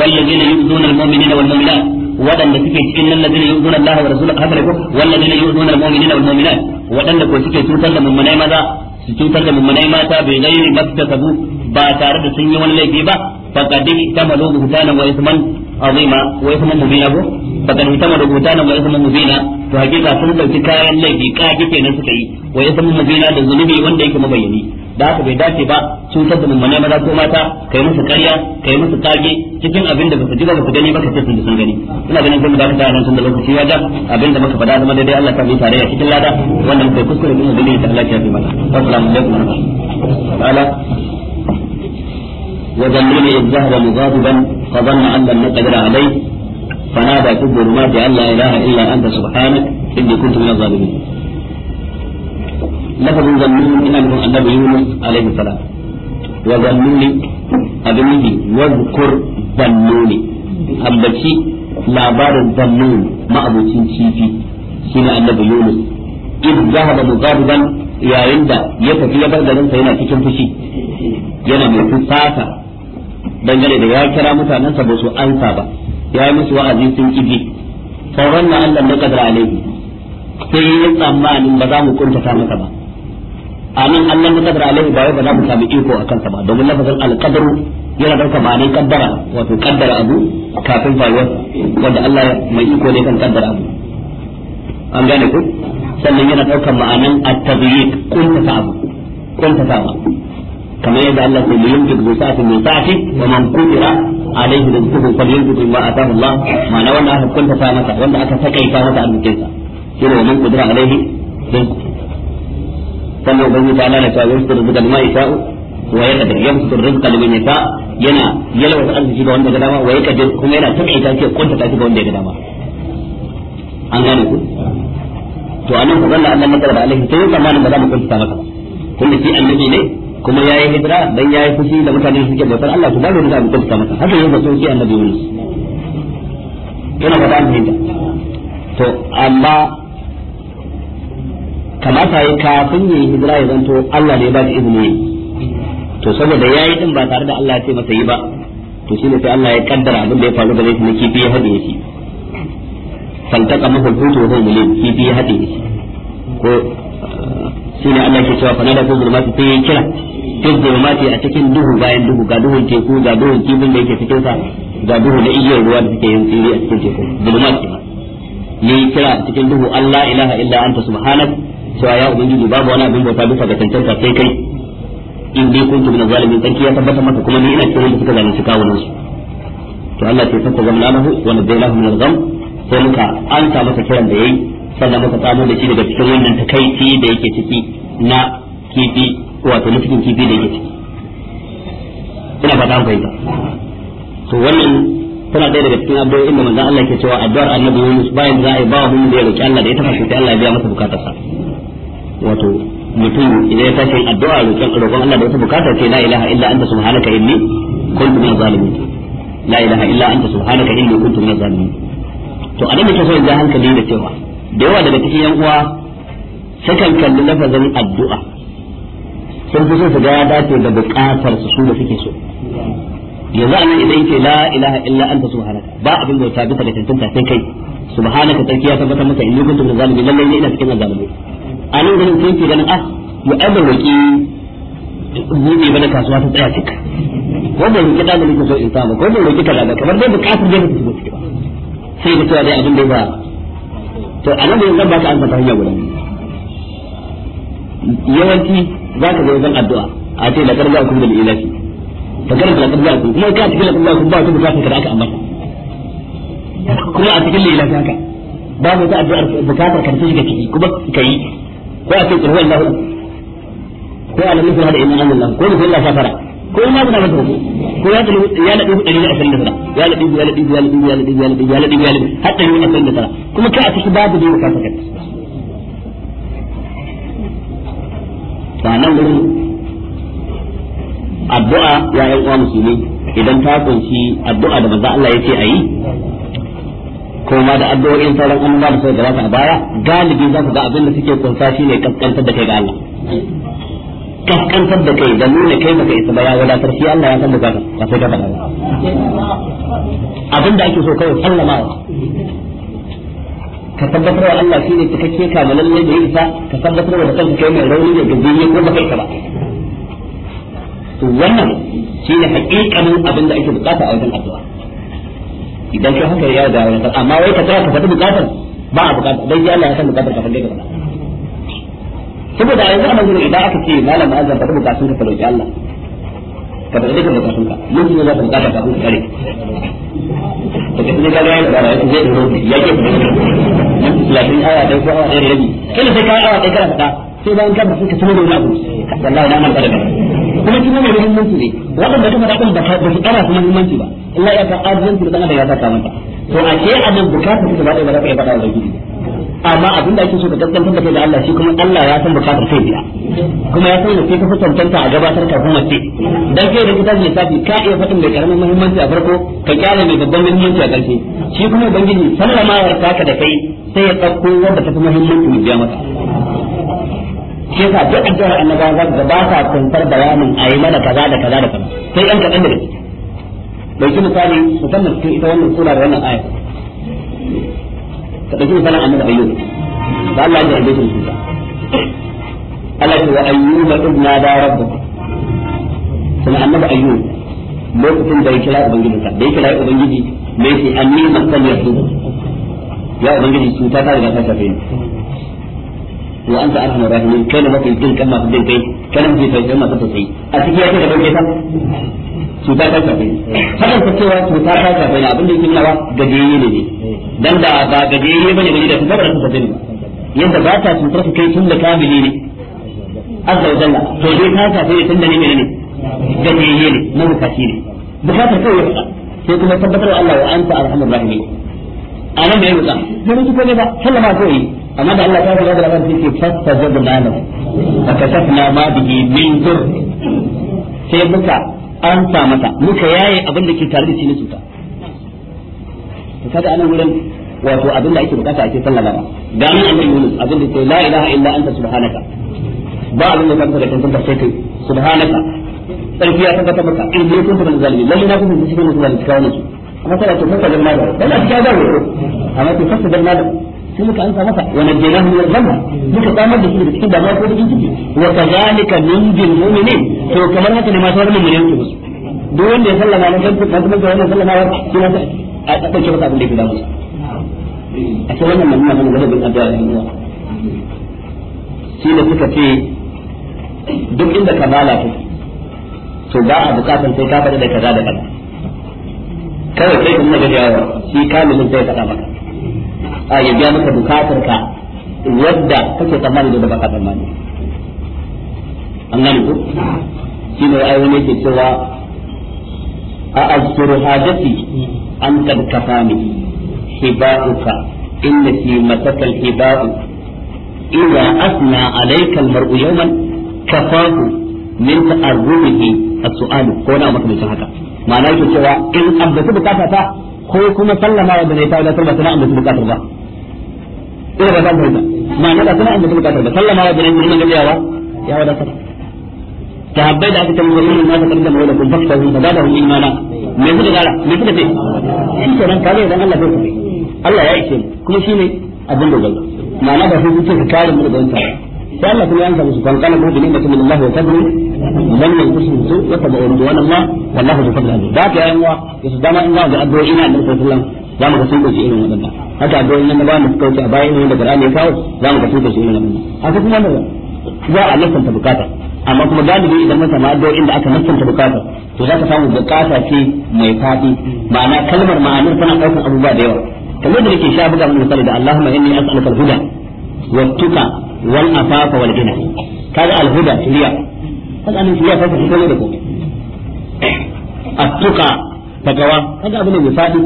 wallazina yu'zuna almu'minina wal mu'minat wadanda suke cikin nan ladina yu'zuna Allah wa rasulahu haka ko wallazina yu'zuna almu'minina wal mu'minat wadanda ko suke cutar da mummunai maza su cutar da mummunai mata bai gairi maktasabu ba tare da sun yi wani laifi ba faqad tamalu buhtanan wa isman azima wa isman mubina ko fakan hitama da gutana wa isman mubina to hakika sun dauki kayan laifi ka kike ne suka yi wa isman mubina da zulubi wanda yake mabayani da haka bai dace ba sun cutar mun mummune maza ko mata kai musu karya kai musu kage cikin abin da baka ji baka gani baka tafi sun gani ina ganin kun da ka tare sun da lokaci ya ga abin da muka faɗa zama daidai Allah ta bi tare ya cikin lada wanda kai kuskure mun gani ta Allah ya bi mana assalamu alaikum warahmatullahi rahmatullahi wa barakatuh وذلني إذ ذهب مغاضبا فظن أن لم نقدر عليه فنادى في الظلمات أن لا إله إلا أنت سبحانك إني كنت من الظالمين لفظ ظنون إن أنكم النبي يونس عليه السلام وظنوني أبنيدي واذكر ظنوني أبكي labarin zannun ma'abocin kifi shine annabi Yunus in zahaba mughadiban yayin da ya tafi ya bar garin sa yana cikin fushi yana mai fusata dangane da ya kira mutanensa ba su ansa ba ya yi musu wa'azi sun kiji sauran na Allah da kadar alaihi sai yi tsammanin ba za mu kuntata masa ba a nan Allah da kadar alaihi ba wai ba za mu sami iko akan sa ba domin lafazin alqadar yana da ba ne kaddara wato kaddara abu kafin faruwar wanda Allah mai iko ne kan kaddara abu an gane ku sannan yana ɗaukar ma'anan at-tabyid kuntata abu kuntata abu kamar yadda Allah ke yunfiq bi sa'atin min sa'ati wa man qudira alaihi rizquhu falyunfiq mimma ataahu Allah ma'ana wanda aka kunta sa masa wanda aka takaita masa arzikin sa shine wa man qudira alaihi rizquhu sannan ubangiji ta Allah ta yunfiq rizqan ma yasha'u wa yaqdir yunfiq rizqa liman yasha' yana yalwa arziki ga wanda ga dama wa yaqdir kuma yana takaita ce kunta ta ga wanda ya ga dama an gane ku to anan ku ganna Allah madara alaihi sai zamanin da za mu kunta masa kuma shi annabi ne kuma yayi hijira dan yayi fushi da mutane suke bautar Allah to ba da abin da masa haka yake so shi annabi Yunus yana ba dan hijira to amma kamata ya kafin yi hijira ya zanto Allah ne ba da izini to saboda yayi din ba tare da Allah ya ce masa yi ba to ne sai Allah ya kaddara abin da ya faru da shi ne kifi ya hade shi fantaka mahul hutu zai huwa kifi ya hade shi ko ne Allah ke cewa fa nada ko zulmatu sai kira zulmati a cikin duhu bayan duhu ga duhun teku ga duhun kibin da yake cikin sa ga duhu da igiyar ruwa da suke yin tsiri a cikin teku zulmati ne kira a cikin duhu Allah ilaha illa anta subhanak cewa ya ubangiji babu wani abin bauta bisa ga cancanta sai kai in dai kun min zalimin sarki ya tabbata maka kuma ni ina cikin da suka zalunci kawunan su to Allah ce fasta zamna lahu wa nadainahu min al-gham sai muka anta masa kiran da yayi sannan muka samu da shi daga cikin wannan takaici da yake ciki na kifi wato nufin kifi da yake ciki ina fata an fahimta to wannan tana ɗaya daga cikin addu'o'in da manzon Allah ke cewa addu'ar annabi Yunus bayan za a yi ba mun da ya roki Allah da ya tafa shi sai Allah ya biya masa bukatarsa wato mutum idan ya tashi addu'a roƙon roƙon Allah da wata bukata ce la ilaha illa anta subhanaka inni kuntu minaz zalimin la ilaha illa anta subhanaka inni kuntu minaz zalimin to a nake so in hankali da cewa da yawa daga cikin yan uwa sukan kalli lafazin addu'a sun fi sun su ga ya dace da bukatar su su da suke so yanzu anan idan yake la ilaha illa anta subhanaka ba abin da ta bisa da tantanta sai kai subhanaka sarki ya tabbatar maka in kuntum min zalimin lallai ne ina cikin a nan gurin sun ke ganin as ah, ya abin roki gobe bana kasuwa ta tsaya cika ko da roki da nake so in samu ko da roki kaza kamar dai bukatar da kake so ciki ba sai da cewa dai abin da ba to nan gurin zan baka an ta hanyar guda yawanci za ka ga addu'a a ce la karza ku bil ilahi ta karza la karza ku kuma ka cikin la karza ku ba ku bukatun kada aka ambata kuma a cikin la ilahi haka ba mu ta addu'ar bukatar karfi shiga ciki kuma kai ko a ce qul huwallahu ko alam yusra hada inna Allah ko bi Allah safara ko ina guda masa rubu ko ya da ya da dubu ɗari da da ya da ya da ya da ya da ya da ya da dubu har ɗari da ashirin da kuma kai a cikin babu da ka ba nan gurin addu'a ya yan uwa musulmi idan ta kunshi addu'a da manzo Allah yake ayi kuma da addu'o'in sauran annabawa da sai gabata a baya galibi za ku ga abin da suke kunsa shine kaskantar da kai ga Allah kaskantar da kai da nuna kai baka isa ba ya wadatar shi Allah ya san bukatar ba sai ka faɗa ba abin da ake so kawai sallamawa ka tabbatar wa Allah shine cikakke kamalalle da yinsa ka tabbatar wa da kanka kai mai rauni da gajiye ko ba kai ka ba to wannan ne hakikanin abin da ake bukata a wajen addu'a idan kai haka ya da wani amma wai ka tsaya ka faɗi bukatar ba a bukata dai Allah ya san bukatar ka faɗi ka faɗa saboda yanzu a nan idan aka ce malam azan faɗi bukatun ka roki Allah ka faɗi dukkan bukatun ka lokacin ne za ka bukata ka kare to kai ne ga ya da ya ke minti talatin awa ɗaya ko awa ɗaya da rabi kila sai ka awa ɗaya kana faɗa sai bayan ka fasa ka tuno da wani abu wallahi na manta da kai kuma tuno mai muhimmanci ne waɗanda ka faɗa ɗin ba su ƙara su muhimmanci ba illa ya ta arzanci da da ya sa manta to a ce a nan bukatar ka ba ɗaya ba za ka iya faɗa wa ubangiji amma abin da ake so ka gaskantar da kai da Allah shi kuma Allah ya san bukatar kai biya kuma ya san da kai ka fi tantanta a gabatar ka kuma ce dan kai da kitabi ya safi ka iya fadin da karamin muhimmanci a farko ka kyale mai babban muhimmanci a ƙarshe shi kuma ubangiji sallamawar taka da kai sai ya ɗauko wanda ta fi muhimmanci biya mata shi yasa duk addu'ar annabawa za ka ba sa kuntar bayanin ayi mana kaza da kaza da kaza sai yan kaɗan daga bai ɗauki misali musamman cikin ita wannan sura da wannan aya ka ɗauki misalin annabi ayyuba da Allah ya rabe shi Allah ya wa ayyuba ibna da rabbuka kuma annabi ayyuba lokacin da ya kira ubangiji da ya kira ubangiji mai ce anni yadda. ya ubangiji cuta ta riga ta shafe ni wa anta arhamur rahimin kai ne mafi jin kan masu jin kai kai ne mafi tausayin masu tausayi a cikin yake da dauke ta cuta ta shafe ni hakan ta cewa cuta ta shafe ni abin da yake nuna gajiyayye ne ba gani da ba ta ta cutar su kai tun da kamili ne azza wa jalla to dai ta shafe ni tun da ne ne gajiyayye ne mabukaci ne bukatar kawai ya faɗa sai kuma tabbatar Allah wa anta arhamur rahimin a nan mai rutsa bai rutu ko ne ba sallama ko yi amma da Allah ta kula da labarin sai fasta jabal alam fa kashafna ma bihi min dur sai muka an mata muka yaye abin da ke tare da shi cuta to kaga anan wurin wato abin da ake bukata ake sallama ga nan annabi Yunus abin da sai la ilaha illa anta subhanaka ba abin da kanka da kanka sai kai subhanaka sarki ya tabbata maka in dai kun da zalimi lalle na kun da cikin mutum da kawo ne kuma tana ce muka dan malam dan a cikin zawo amma to fasta dan malam sai muka ansa masa wa najjaynahu min al-ghamma muka samar da shi da cikin damuwa ko cikin ciki wa kadhalika nunjil mu'minin to kamar haka ne ma sauran mu'minin su musu duk wanda ya sallama nan dan kuma kuma wannan sallama ya suka ce duk inda kamala take to ba a bukatar sai ka faɗi da kaza da kaza kawai sai in ga jawo shi kamilin zai faɗa maka a ya biya maka bukatar ka wadda kake tsammani da baka tsammani an gani ko shi ne ai wani yake cewa a azkuru hajati an kad ni hibauka inna fi matakal hibau idza asna alayka almar'u yawman kafahu min ta'arrumihi as sual ko na maka haka ma'ana yake cewa in ambaci bukata ta ko kuma sallama wanda ne ta wadatar ba tana ambaci bukatar ba ina ba yi ta. ma'ana ba tana ambaci bukatar ba sallama wanda ne mun wa ya Ta habbai da aka tambaye mun na ta da mawla kun fakta hun da da hun imana me suka gara me suka ce in nan kare dan Allah sai Allah ya yi kuma shi ne abin da gaba ma'ana ba sai kuka kare mu da wancan sai Allah kuma ya musu kan kana kuma bi ni'mati min Allah lam yanqusu su wa Allah da yasu dama in ga addu'o'i na Annabi sallallahu alaihi za mu ga sun irin haka ba mu a bayan ne kawo za mu ga sun irin haka kuma za a bukata amma kuma galibi idan mun samu addu'o'in da aka lissanta bukata to za ka samu bukata ce mai fadi ma'ana kalmar ma'anar tana daukar abubuwa da yawa kamar da nake sha buga mun misali da Allahumma inni as'aluka al wal afafa wal gina kaga al huda shiriya kaga annabi shiriya fa shi kole da ko attuqa tagawa kaga abin da ya fadi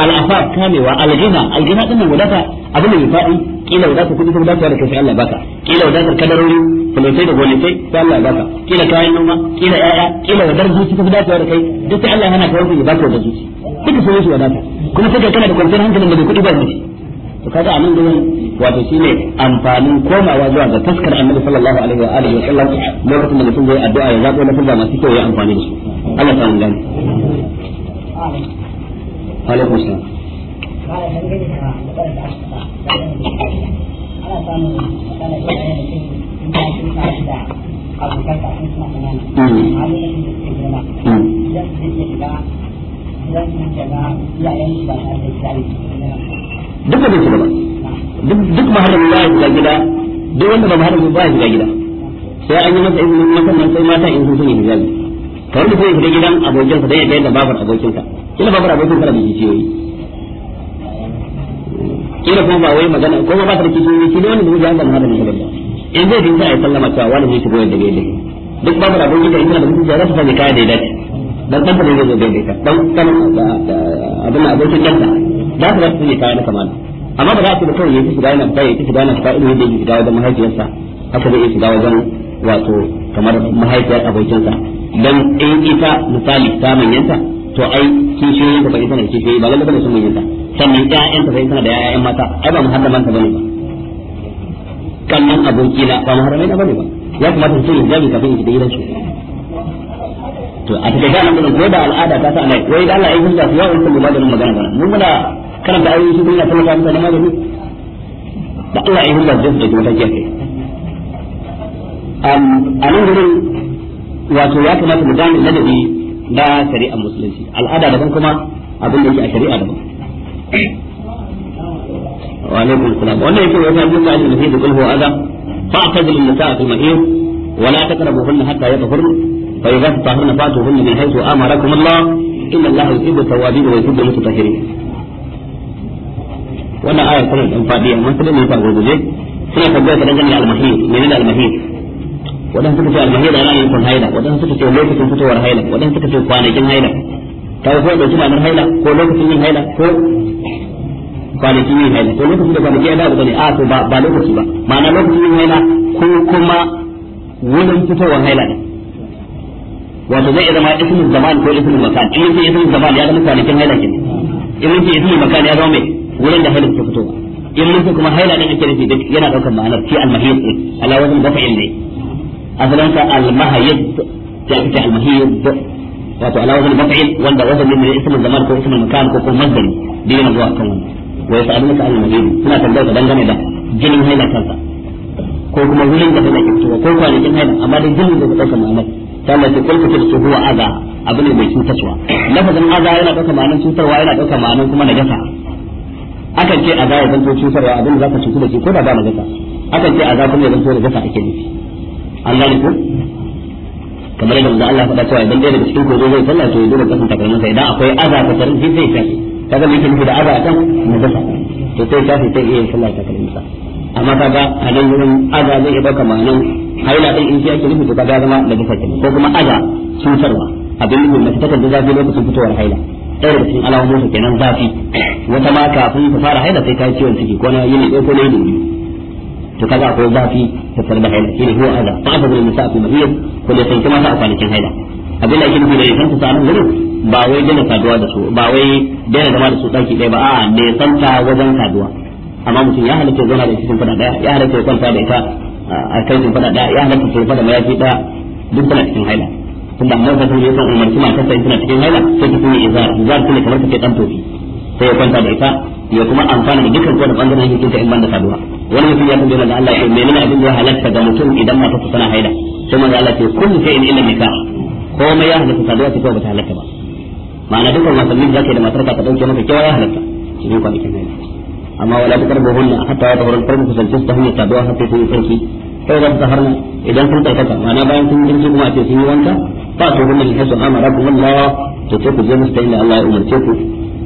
al kamewa al gina al gina din wadata abin da ya fadi kila wadatar kudi kuma dacewa da kai sai Allah baka kila wadatar kadarori fulotai da golisai sai Allah baka kila kayan noma kila yaya kila wadar zuci kuma dacewa da kai duk sai Allah yana kawo ku ya baka wadar zuci duka sai su wadata kuma sai kana da kwanciyar hankalin da bai kudi ba ne kaga anan gurin wato shine amfanin komawa zuwa ga taskar annabi sallallahu alaihi wa alihi wa sallam lokacin da mutum zai addu'a ya zabo na fulba masu kyau ya amfani da su Allah ta gani alaikum salam Mm. duk da bai shiga ba duk maharami ba ya shiga gida duk wanda ba maharami ba ya shiga gida sai an yi masa izinin musamman sai mata in sun sanya hijabi kawai da sai shiga gidan abokinsa dai ya ga yadda babar abokinsa kila babar abokinsa da bai ciyoyi kila kuma ba wai magana ko ba ta da kishiyoyi shi ne wanda bai da ba maharami ba in zai dinka a yi sallama cewa wani zai shigo yadda bai dinka duk babu da abin da in da mutunci za su sanya kaya da dace dan dan da zai zo da dace dan dan abin abokin danta da su za su ne kaya na kamala amma ba za su da kawai ya fi shiga yana bai ya fi shiga yana fita irin yadda ya shiga wajen mahaifiyarsa haka zai iya shiga wajen wato kamar mahaifiyar abokinsa dan in ita misali ta manyanta to ai kishiyoyin ta bai tana kishiyoyi ba lalle bane sun manyanta sannan ƴaƴan ta bai tana da ƴaƴan mata ai ba muharraman ta bane ba kallon aboki na ba muharramai na bane ba ya kamata su yi jabi kafin ki da gidan su to a take da nan ko da al'ada ta ta alai wai da Allah ya yi hujja su ya wuce mu magana mun muna كلام بعيد يسوع بن عبد الله بن عبد الله لا الله يهمل الجزء جمعة جهة أم أنا هم وسياك ما تبدان الذي لا شريعة مسلمة الأدا لكم كما أقول لك شريعة لكم وعليكم السلام وأنا يقول وإذا جمعة المسيح يقول هو أدا فأعتزل النساء في المحيط ولا تقربوهن حتى يطهرن فإذا تطهرن فأتوهن من حيث أمركم الله إن الله يحب التوابين ويحب المتطهرين wannan ayar kuma dan fadi amma sai mun fara gurguje sai ka ga kadan ganin al ne menene al-mahid wadan suka ce al da ana yin kun haila wadan suka ce lokacin fitowar haila wadan suka ce kwanakin haila ta ko da kuma nan haila ko lokacin yin haila ko kwanakin yin haila ko lokacin da kwanakin haila ba ne a to ba ba lokaci ba ma'ana lokacin yin haila ko kuma wurin fitowar haila ne wato zai zama ismin zaman ko ismin makan in yake ismin zaman ya zama kwanakin haila kenan in yake ismin makan ya zama mai wurin da hailin ke in mun kuma haila ake nufi duk yana daukar ma'anar ki al-mahiyyid din ala wajen dafa'in ne asalan ka al ta fi al-mahiyyid wato ala wajen dafa'in wanda wajen ne mai ismin zaman ko ismin makan ko ko masdari da yana zuwa kan wannan wa yas'alunaka al-mahiyyid suna tambayar ka dangane da jinin haila kansa ko kuma wurin da haila ke fitowa ko kwanakin haila amma dai jinin da daukar ma'anar ta mace kulka ta su huwa aza abu ne mai cutarwa lafazin aza yana daukar ma'anar cutarwa yana daukar ma'anar kuma najasa akan ce a aza ya zanto cutarwa abin da za ka cutu da shi ko da ba na gasa akan ce a aza kuma ya zanto da gasa ake nufi Allah ne ko kamar yadda manzo Allah faɗa cewa idan dai daga cikin kozo zai sallah to ya dole kasan takalmansa idan akwai aza ta tarin shi zai tafi kaga me yake nufi da aza akan na gasa to sai tafi sai iya sallah takalmansa amma kaga a nan wurin aza zai iya baka ma'anan haila din in shi ake nufi to kaga zama da gasa ko kuma aza cutarwa abin nufin mace takan da zafi lokacin fitowar haila ɗaya da cikin alamomin kenan zafi wata ma kafin ta fara haila sai ta yi ciwon ciki ko na yini ko na yi yini to kaga ko zafi ta fara da haila shine huwa hada fa ta gurin nisa fi ko da sai kuma ta kwanakin haila abin da yake da nisan ta sanin gurin ba wai dana saduwa da su ba wai dana zama da su daki ɗaya ba a ne santa wajen saduwa amma mutum ya halatta zauna da cikin fada daya ya halatta ya kwanta da ita a kai cikin fada daya ya halatta ya fada mayafi daya duk suna cikin haila tunda annabi sallallahu alaihi wasallam umarci matar sa tana cikin haila sai ta kuma izar izar kuma kamar take dan tofi sai ya kwanta da ita ya kuma amfana da dukkan kowane bangaren jikinta in banda saduwa wani mutum ya tambaye da Allah ya menene abin da ya halatta ga mutum idan mata ta tana haila sai manzo Allah ya kullu shay'in illa nikah komai ya halatta saduwa sai ba ta halatta ba ma'ana dukkan wasanni da kai da matar ka ta dauke maka kewa ya halatta cikin kwanakin haila amma wala takarbu hunna hatta ya tabarun farko kusanci ta hanyar saduwa har sai sun yi sarki sai da zaharna idan sun karkata ma'ana bayan sun girki kuma a ce sun yi wanka ba su gumin da kasu amara zan lawa to ce ku je musu ta inda Allah ya umarce ku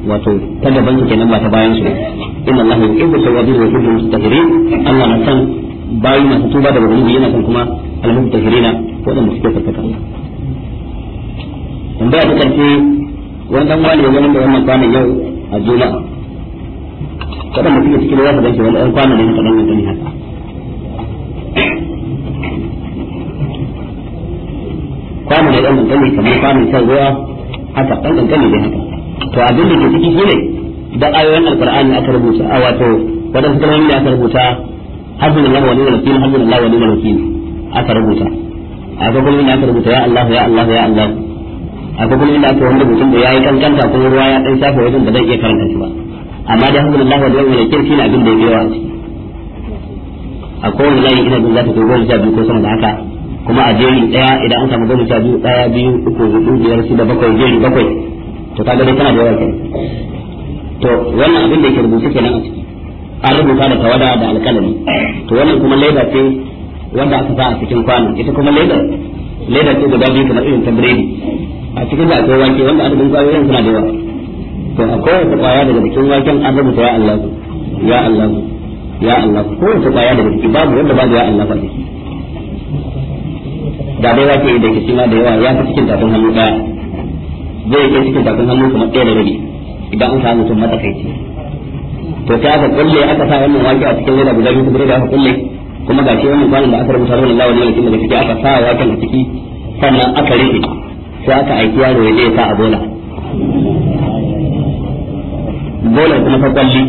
wato ta gaban su kenan ba ta bayan su inna Allah ya da tawwabin wa yuhibbu mutahhirin Allah na san bayi masu tuba daga zunubi yana san kuma al-mutahhirina waɗanda suke karkata tambaya ta karfe wani dan wani yanzu zama da wannan kwanan yau a juna kada mutum ya cikin wata da ke wani ɗan kwanan ne na kaɗan ne haka kwano da ɗan kankani kamar kwanon shan ruwa haka ɗan kankani da haka to abin da ke ciki shine da ayoyin alfar'ani aka rubuta a wato wadansu kalmomi da aka rubuta hasbun Allah wa wani wakil hasbun Allah wa wani wakil aka rubuta aka kalmomi da aka rubuta ya Allah ya Allah ya Allah aka kalmomi da aka wanda mutum da yayi kankanta kuma ruwa ya ɗan shafa wajen da zai iya karanta shi ba amma da hasbun Allah wani ni'mal wakil shine abin da ya biyo a ciki a kowane layi ina jin za ta dogon jabi ko sama da haka kuma a jerin daya idan an samu goma sha biyu daya biyu uku hudu biyar shida bakwai jerin bakwai to kaga gani tana da yawa kenan to wannan abin da ke rubuce kenan a ciki an rubuta da tawada da alƙalami to wannan kuma leda ce wanda aka sa a cikin kwano ita kuma leda leda ce guda biyu kamar irin ta biredi a cikin da akwai wake wanda adadin kwayoyin suna da yawa to a kowace kwaya daga cikin waken an rubuta ya Allah ya Allah ya Allah kowace kwaya daga cikin babu wanda babu ya Allah ba ciki da dai wake da ke cima da yawa ya fi cikin tafin hannu ɗaya zai ke cikin tafin hannu kuma ɗaya da rabi idan an samu mutum matsakaici to ta ka kulle aka sa wannan wake a cikin leda guda biyu kuma da aka kulle kuma ga shi wannan kwanan da aka rubuta wannan lawan ne da ciki aka sa waken a ciki sannan aka rufe sai aka aiki yaro ya je ya sa a bola bola kuma ta kwalli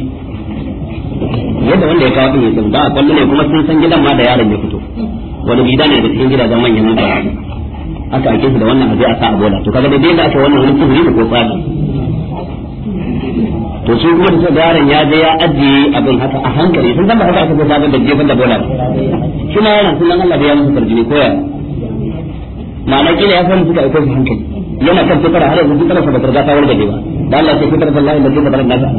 yadda wanda ya kawo ɗin ya ba a kwalli ne kuma sun san gidan ma da yaron ya fito wani gida ne da cikin gidajen manyan mutane aka ake su da wannan a a sa a bola to kaga da yadda aka wannan wani kibiri da ko tsari to shi kuma da yaron ya je ya ajiye abin haka a hankali sun san ba haka aka gosa ba da jefan da bola shi ma yaron sun Allah da ya musu tarjini ko ya ma'ana kila ya san suka aiko su hankali yana kan fitar har yanzu fitar sa ba ta riga ta ba da Allah sai fitar sallahi da ke da balan nasa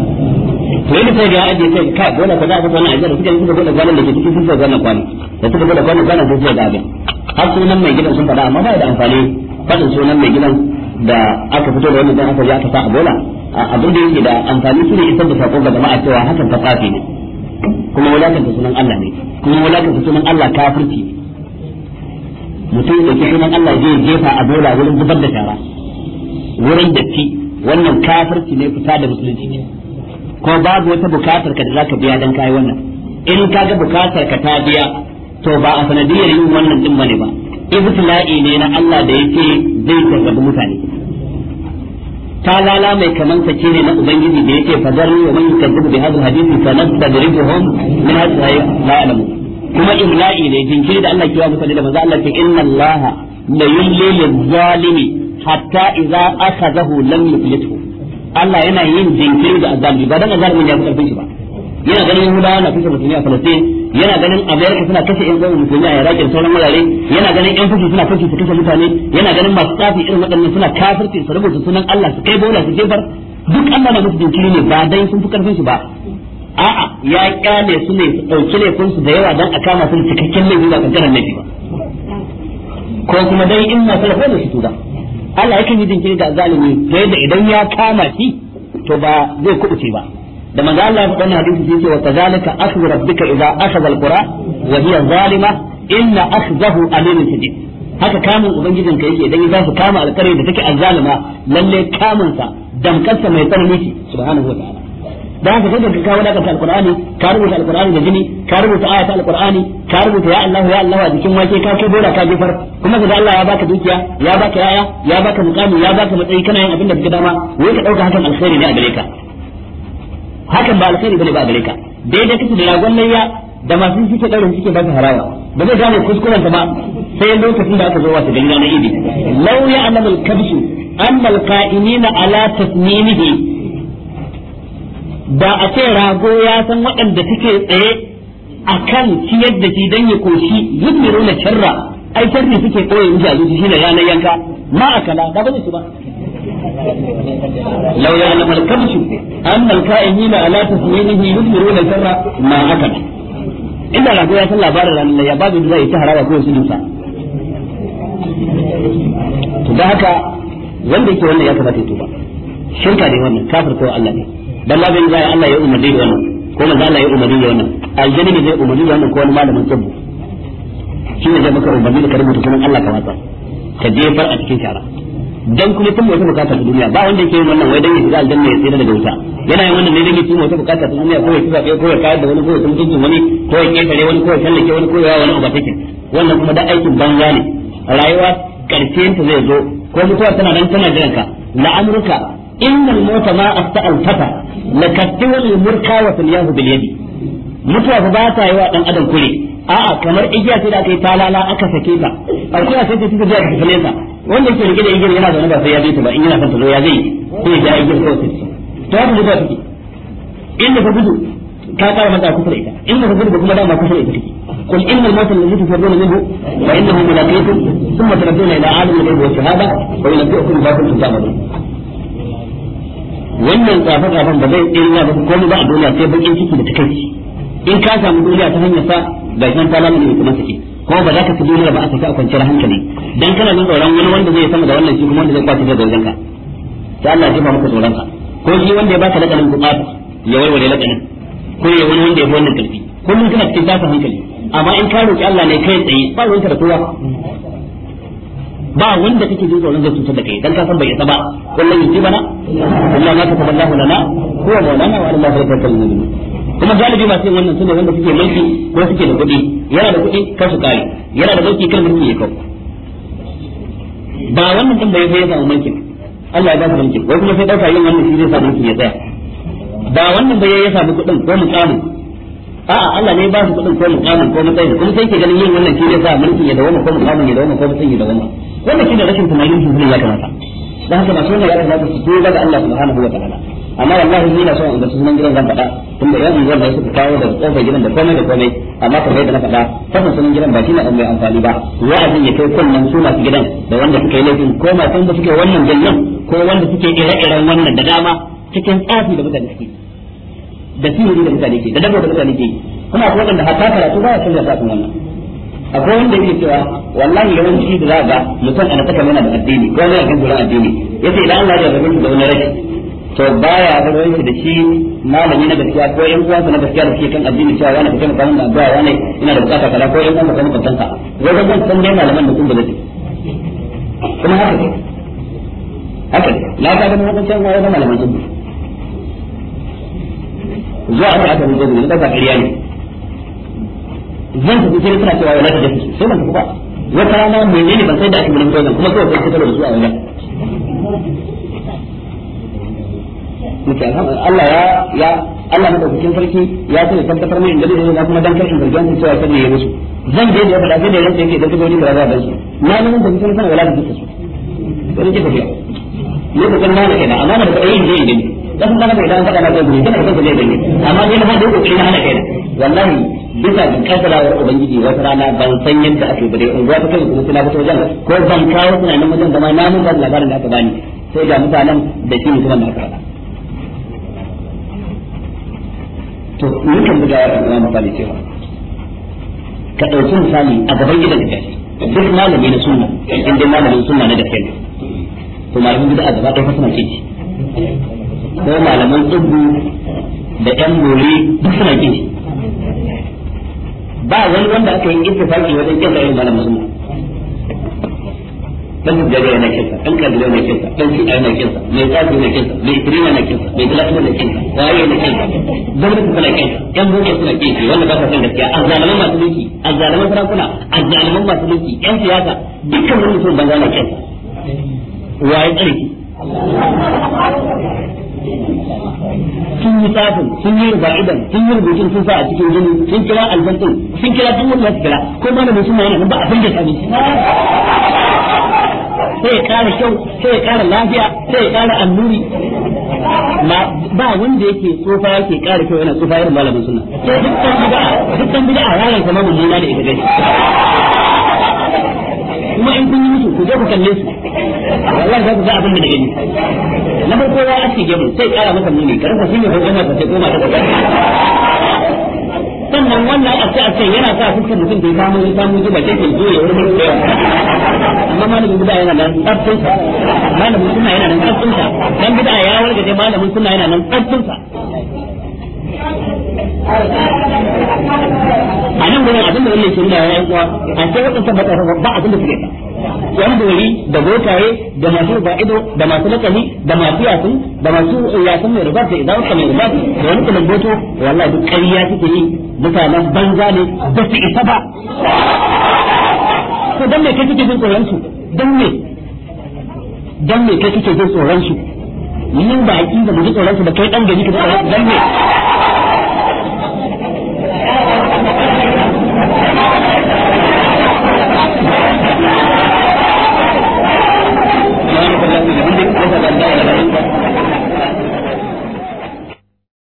to yadda sai ga aje sai ka gona ka za ka gona a jira kike kuka gona gona da ke cikin sun sai gona kwani da suka gona gona gona da ga abin har sunan mai gidan sun faɗa amma ba da amfani fadin sunan mai gidan da aka fito da wannan dan aka ya ta sa a bola abin da yake da amfani shine isar da sako ga jama'a cewa hakan ta kafi ne kuma wulakanta sunan Allah ne kuma wulakanta sunan Allah kafirci mutum da ke sunan Allah zai jefa a bola wurin zubar da shara wurin datti wannan kafirci ne fita da musulunci ne ko babu wata bukatar ka da zaka biya dan kai wannan in kaga bukatar ka ta biya to ba a sanadiyar yin wannan din bane ba ibtila'i ne na Allah da yake zai tarbabi mutane talala mai kaman sake ne na ubangiji da yake fadarni wa man yakذب bi hadha hadith fa nastadrijuhum min hadha la'alamu. kuma ibla'i ne jinkiri da Allah ke wa mutane da manzo Allah ce inna Allah la yulli lil zalimi hatta idza akhadahu lam yuflithu Allah yana yin jinkiri da azabi ba dan ne ya fi karfin shi ba yana ganin Yahudawa na kashe mutane a Falastin yana ganin Amerika suna kashe ƴan gwamnati musulmi a Iraq da sauran wurare yana ganin ƴan fushi suna fushi su kashe mutane yana ganin masu tsafi irin waɗannan suna kafirce su rubuta sunan Allah su kai bola su jefar duk Allah na musu jinkiri ne ba dan sun fi karfin shi ba a'a ya kyale su ne su ɗauki laifin su da yawa dan a kama su cikakken laifi ba jaran laifi ba ko kuma dai in masu rafa da su tura Allah yakan yi jinkiri ga zalimi ta yadda idan ya kama shi to ba zai kubuce ba da manzo Allah ya faɗa hadisi sai ce wa kazalika akhu rabbika idza akhadha alqura wa hiya zalima inna akhdahu alimun shadid haka kamun ubangijin ka yake idan ya zasu kama alƙarin da take azzalima lalle kamun sa damkarsa mai tsanani subhanahu wa ta'ala da haka sai da ka wadata ta alqur'ani ka rubuta alqur'ani da jini ka rubuta ayata alqur'ani ka rubuta ya Allah ya Allah a jikin wake ka ko dora ka jefar kuma ga Allah ya baka dukiya ya baka yaya ya baka mukami ya baka matsayi kana yin abin da kake dama wai ka dauka hakan alkhairi ne a gare ka hakan ba alkhairi bane ba a gare ka daidai kake da ragon layya da masu suke daurin suke ba harawa ba zai gane kuskuren ta ba sai lokacin da aka zo wata gari na idi law ya'lamul kabisu kabshu anna al ala tasmimihi da a ce rago ya san waɗanda suke tsaye a kan ciyar da shi don ya koshi yumiru na sharra ai sharri suke koyi in jalu shi ne ranar yanka ma akala ba bane su ba لو يعلم الكبش أن الكائنين على تسمينه يثمرون الشر ما أكل إلا لو يصل بارا أن يباد زي سهرة وكل سنوسا da haka wanda yake wannan ya kamata ya tuba shirka ne wannan kafir wa Allah ne balla bin zai Allah ya umarni da wannan ko manzo Allah ya umarni da wannan aljani ne zai umarni da wannan ko wani malamin tsibbu shi ne da muka umarni da ka rubuta sunan Allah ka wata ka jefar a cikin shara dan kuma tun wata bukata ta duniya ba wanda yake yin wannan wai dan ya shiga aljanna ya tsira daga wuta yana yin wannan ne dan ya tuma wata bukata ta duniya ko ya tuka ko ya kayar da wani ko ya tuntunta wani ko ya kefare wani ko ya tallake wani ko ya wani ba take wannan kuma da aikin banza ne rayuwa karfin ta zai zo ko mutuwa tana nan tana jiran ka la'amruka innal mauta ma asta'al fata la katil murka wa tilyahu bil yadi mutuwa ba ta yi wa dan adam kure a'a kamar igiya sai da aka yi talala aka sake ta alkuwa sai ta tuka jiya ta fale ta wanda yake rike da igiyar yana zaune ba sai ya ta ba in yana son ta zo ya zai ko ya ja igiyar kawai sai ta gudu ita gudu ita قل إن الموت الذي تفرون منه فإنه ملاقيكم ثم تردون إلى عالم الغيب والشهادة وينبئكم ما كنتم wannan tsafa tsafan ba zai illa ba komai ba a duniya sai bakin ciki da takaici in ka samu duniya ta hanyar sa ga kan ta lamu ne kuma saki kuma ba za ka fi duniya ba a saki a kwanciyar hankali dan kana jin tsoron wani wanda zai sama da wannan shi kuma wanda zai kwace da wajen ka sai Allah ya jiba maka tsoron ka ko shi wanda ya baka lakalin ku tsata ya warware lakalin ko ya wani wanda ya fi wannan karfi kullum kana cikin tasa hankali amma in ka roki Allah ne kai tsaye ba ruwanka da kowa ba wanda kake jin tsoron zai cutar da kai dan ka san bai isa ba wallahi yaji bana illa ma taqabbalahu lana huwa maulana wa ala rabbil alamin kuma galibi masu sai wannan sune wanda suke mulki ko suke da kuɗi yana da kuɗi ka su kare yana da mulki kar mulki ya kau ba wannan din bai ya samu mulkin Allah ya ba su mulkin wai kuma sai dauka yin wannan shi zai sa mulkin ya tsaya ba wannan bai ya samu kuɗin ko tsamu. a'a Allah ne ba su kuɗin ko tsamu ko tsaya kuma sai ke ganin yin wannan shi zai sa mulki ya dawo ko tsamu ya dawo ko tsaya ya dawo wannan ne rashin tunanin shi ne ya kamata dan haka masu wannan ya kamata su tuba ga Allah subhanahu wa ta'ala amma wallahi ni na so in ga sunan gidan zan faɗa tun da yanzu zan suka kawo da tsofa gidan da komai da komai amma kamar yadda na faɗa fasan sunan gidan ba shine mai amfani ba wa'azin ya kai kunnen su masu gidan da wanda suka yi laifin ko masu da suke wannan ganyen ko wanda suke ire-iren wannan da dama cikin tsafi da mutane suke da sihiri da mutane ke da dabo da mutane ke kuma akwai wanda hatta karatu ba ya canza sa wannan akwai wanda yake cewa wallahi yawanci da za ga mutum ana saka mana da addini ko yana kan tsoron addini yace idan Allah ya rabu da wani rashi to baya barwai shi da shi malami na gaskiya ko yan uwansa na gaskiya da shi kan addini cewa wani ka taimaka da ba wani ina da bukata kaza ko yan uwansa ko mutuntanka wajen zan san dai malaman da kun ba zai kuma haka ne haka ne na ga da mutunci an wayar da malaman sun zuwa aka aka mun zo da ba ƙarya ne zan tafi sai suna cewa wala ta dafi sai ban tafi ba wata rana ban sai da ake kuma kawai sai da su a wajen Allah ya ya Allah sarki ya sani tabbatar mai inda zai na kuma dan karshen zargin su cewa sai ne ya musu zan je da faɗa sai da yanzu yake da kaga wani baraza da su na nan da kuma sanin wala da su sai ke tafiya ne ko kan na ne amma da kai ne ne da kuma bai dan faɗa na zai gure kana kanka zai bayyana amma dai na hada ko na hana kaina wallahi bisa ga kasarawar ubangiji wata rana ban san yadda ake bare in ta kai kuma suna fito wajen ko ban kawo tunanin wajen da ma na mun ba labarin da aka bani sai ga mutanen da shi mutumin na aka to mun kan buga wa ɗan misali cewa ka ɗauki misali a gaban gidan da kai duk malami na sunna in dai malamin sunna na da kai to malamin gida a gaba ɗaya fasana ke ko malaman dubu da ɗan bore duk suna shi ba wani wanda aka yi ittifaki wajen kin irin malaman sunna dan yana yana yana mai tsafi yana mai yana mai yana waye yana suna yan boko suna kinsa wanda ba sa san gaskiya masu mulki sarakuna masu mulki yan siyasa dukkan wani mutum banza na sun yi tsafin sun yi ba'idan sun yi rubutun sun sa a cikin jini sun kira albantin sun kira duk wanda su kira ko ma na mai suna yana ba a da sami sai ya kara kyau sai ya kara lafiya sai ya kara annuri ba wanda yake tsofa yake kara kyau yana tsofa yana malamin suna dukkan bid'a dukkan bid'a ranar kamar mummuna da ita gani kuma in kun yi ku je ku kalle su wallahi za ku ga abin da gani na farko ya ake gemu sai kara maka muni ka rasa shi ne ko jama'a sai koma ta gaba sannan wannan a ce a ce yana sa fuskar mutum da ya samu ya samu zuba sai ke zuwa wurin mutum amma malamin bid'a yana nan tsabtun sa malamin suna yana nan tsabtun sa dan bid'a ya warga dai malamin suna yana nan tsabtun sa a nan gurin abin da wannan shirya ya yi kuwa a ce wadanda ba abin da suke ba yan dori da gotaye da masu ba'ido da masu lakani da masu yasun da masu eh, yasun mai rubar da idan mai rubar da wani kuma goto wallahi duk ƙarya suke yi mutanen banza ne ba su isa ba ko dan me kake jin tsoron su dan me dan me kake jin tsoron su mun ba aƙida mu ji tsoron su da kai dan gari ka tsoron dan me y wanda ya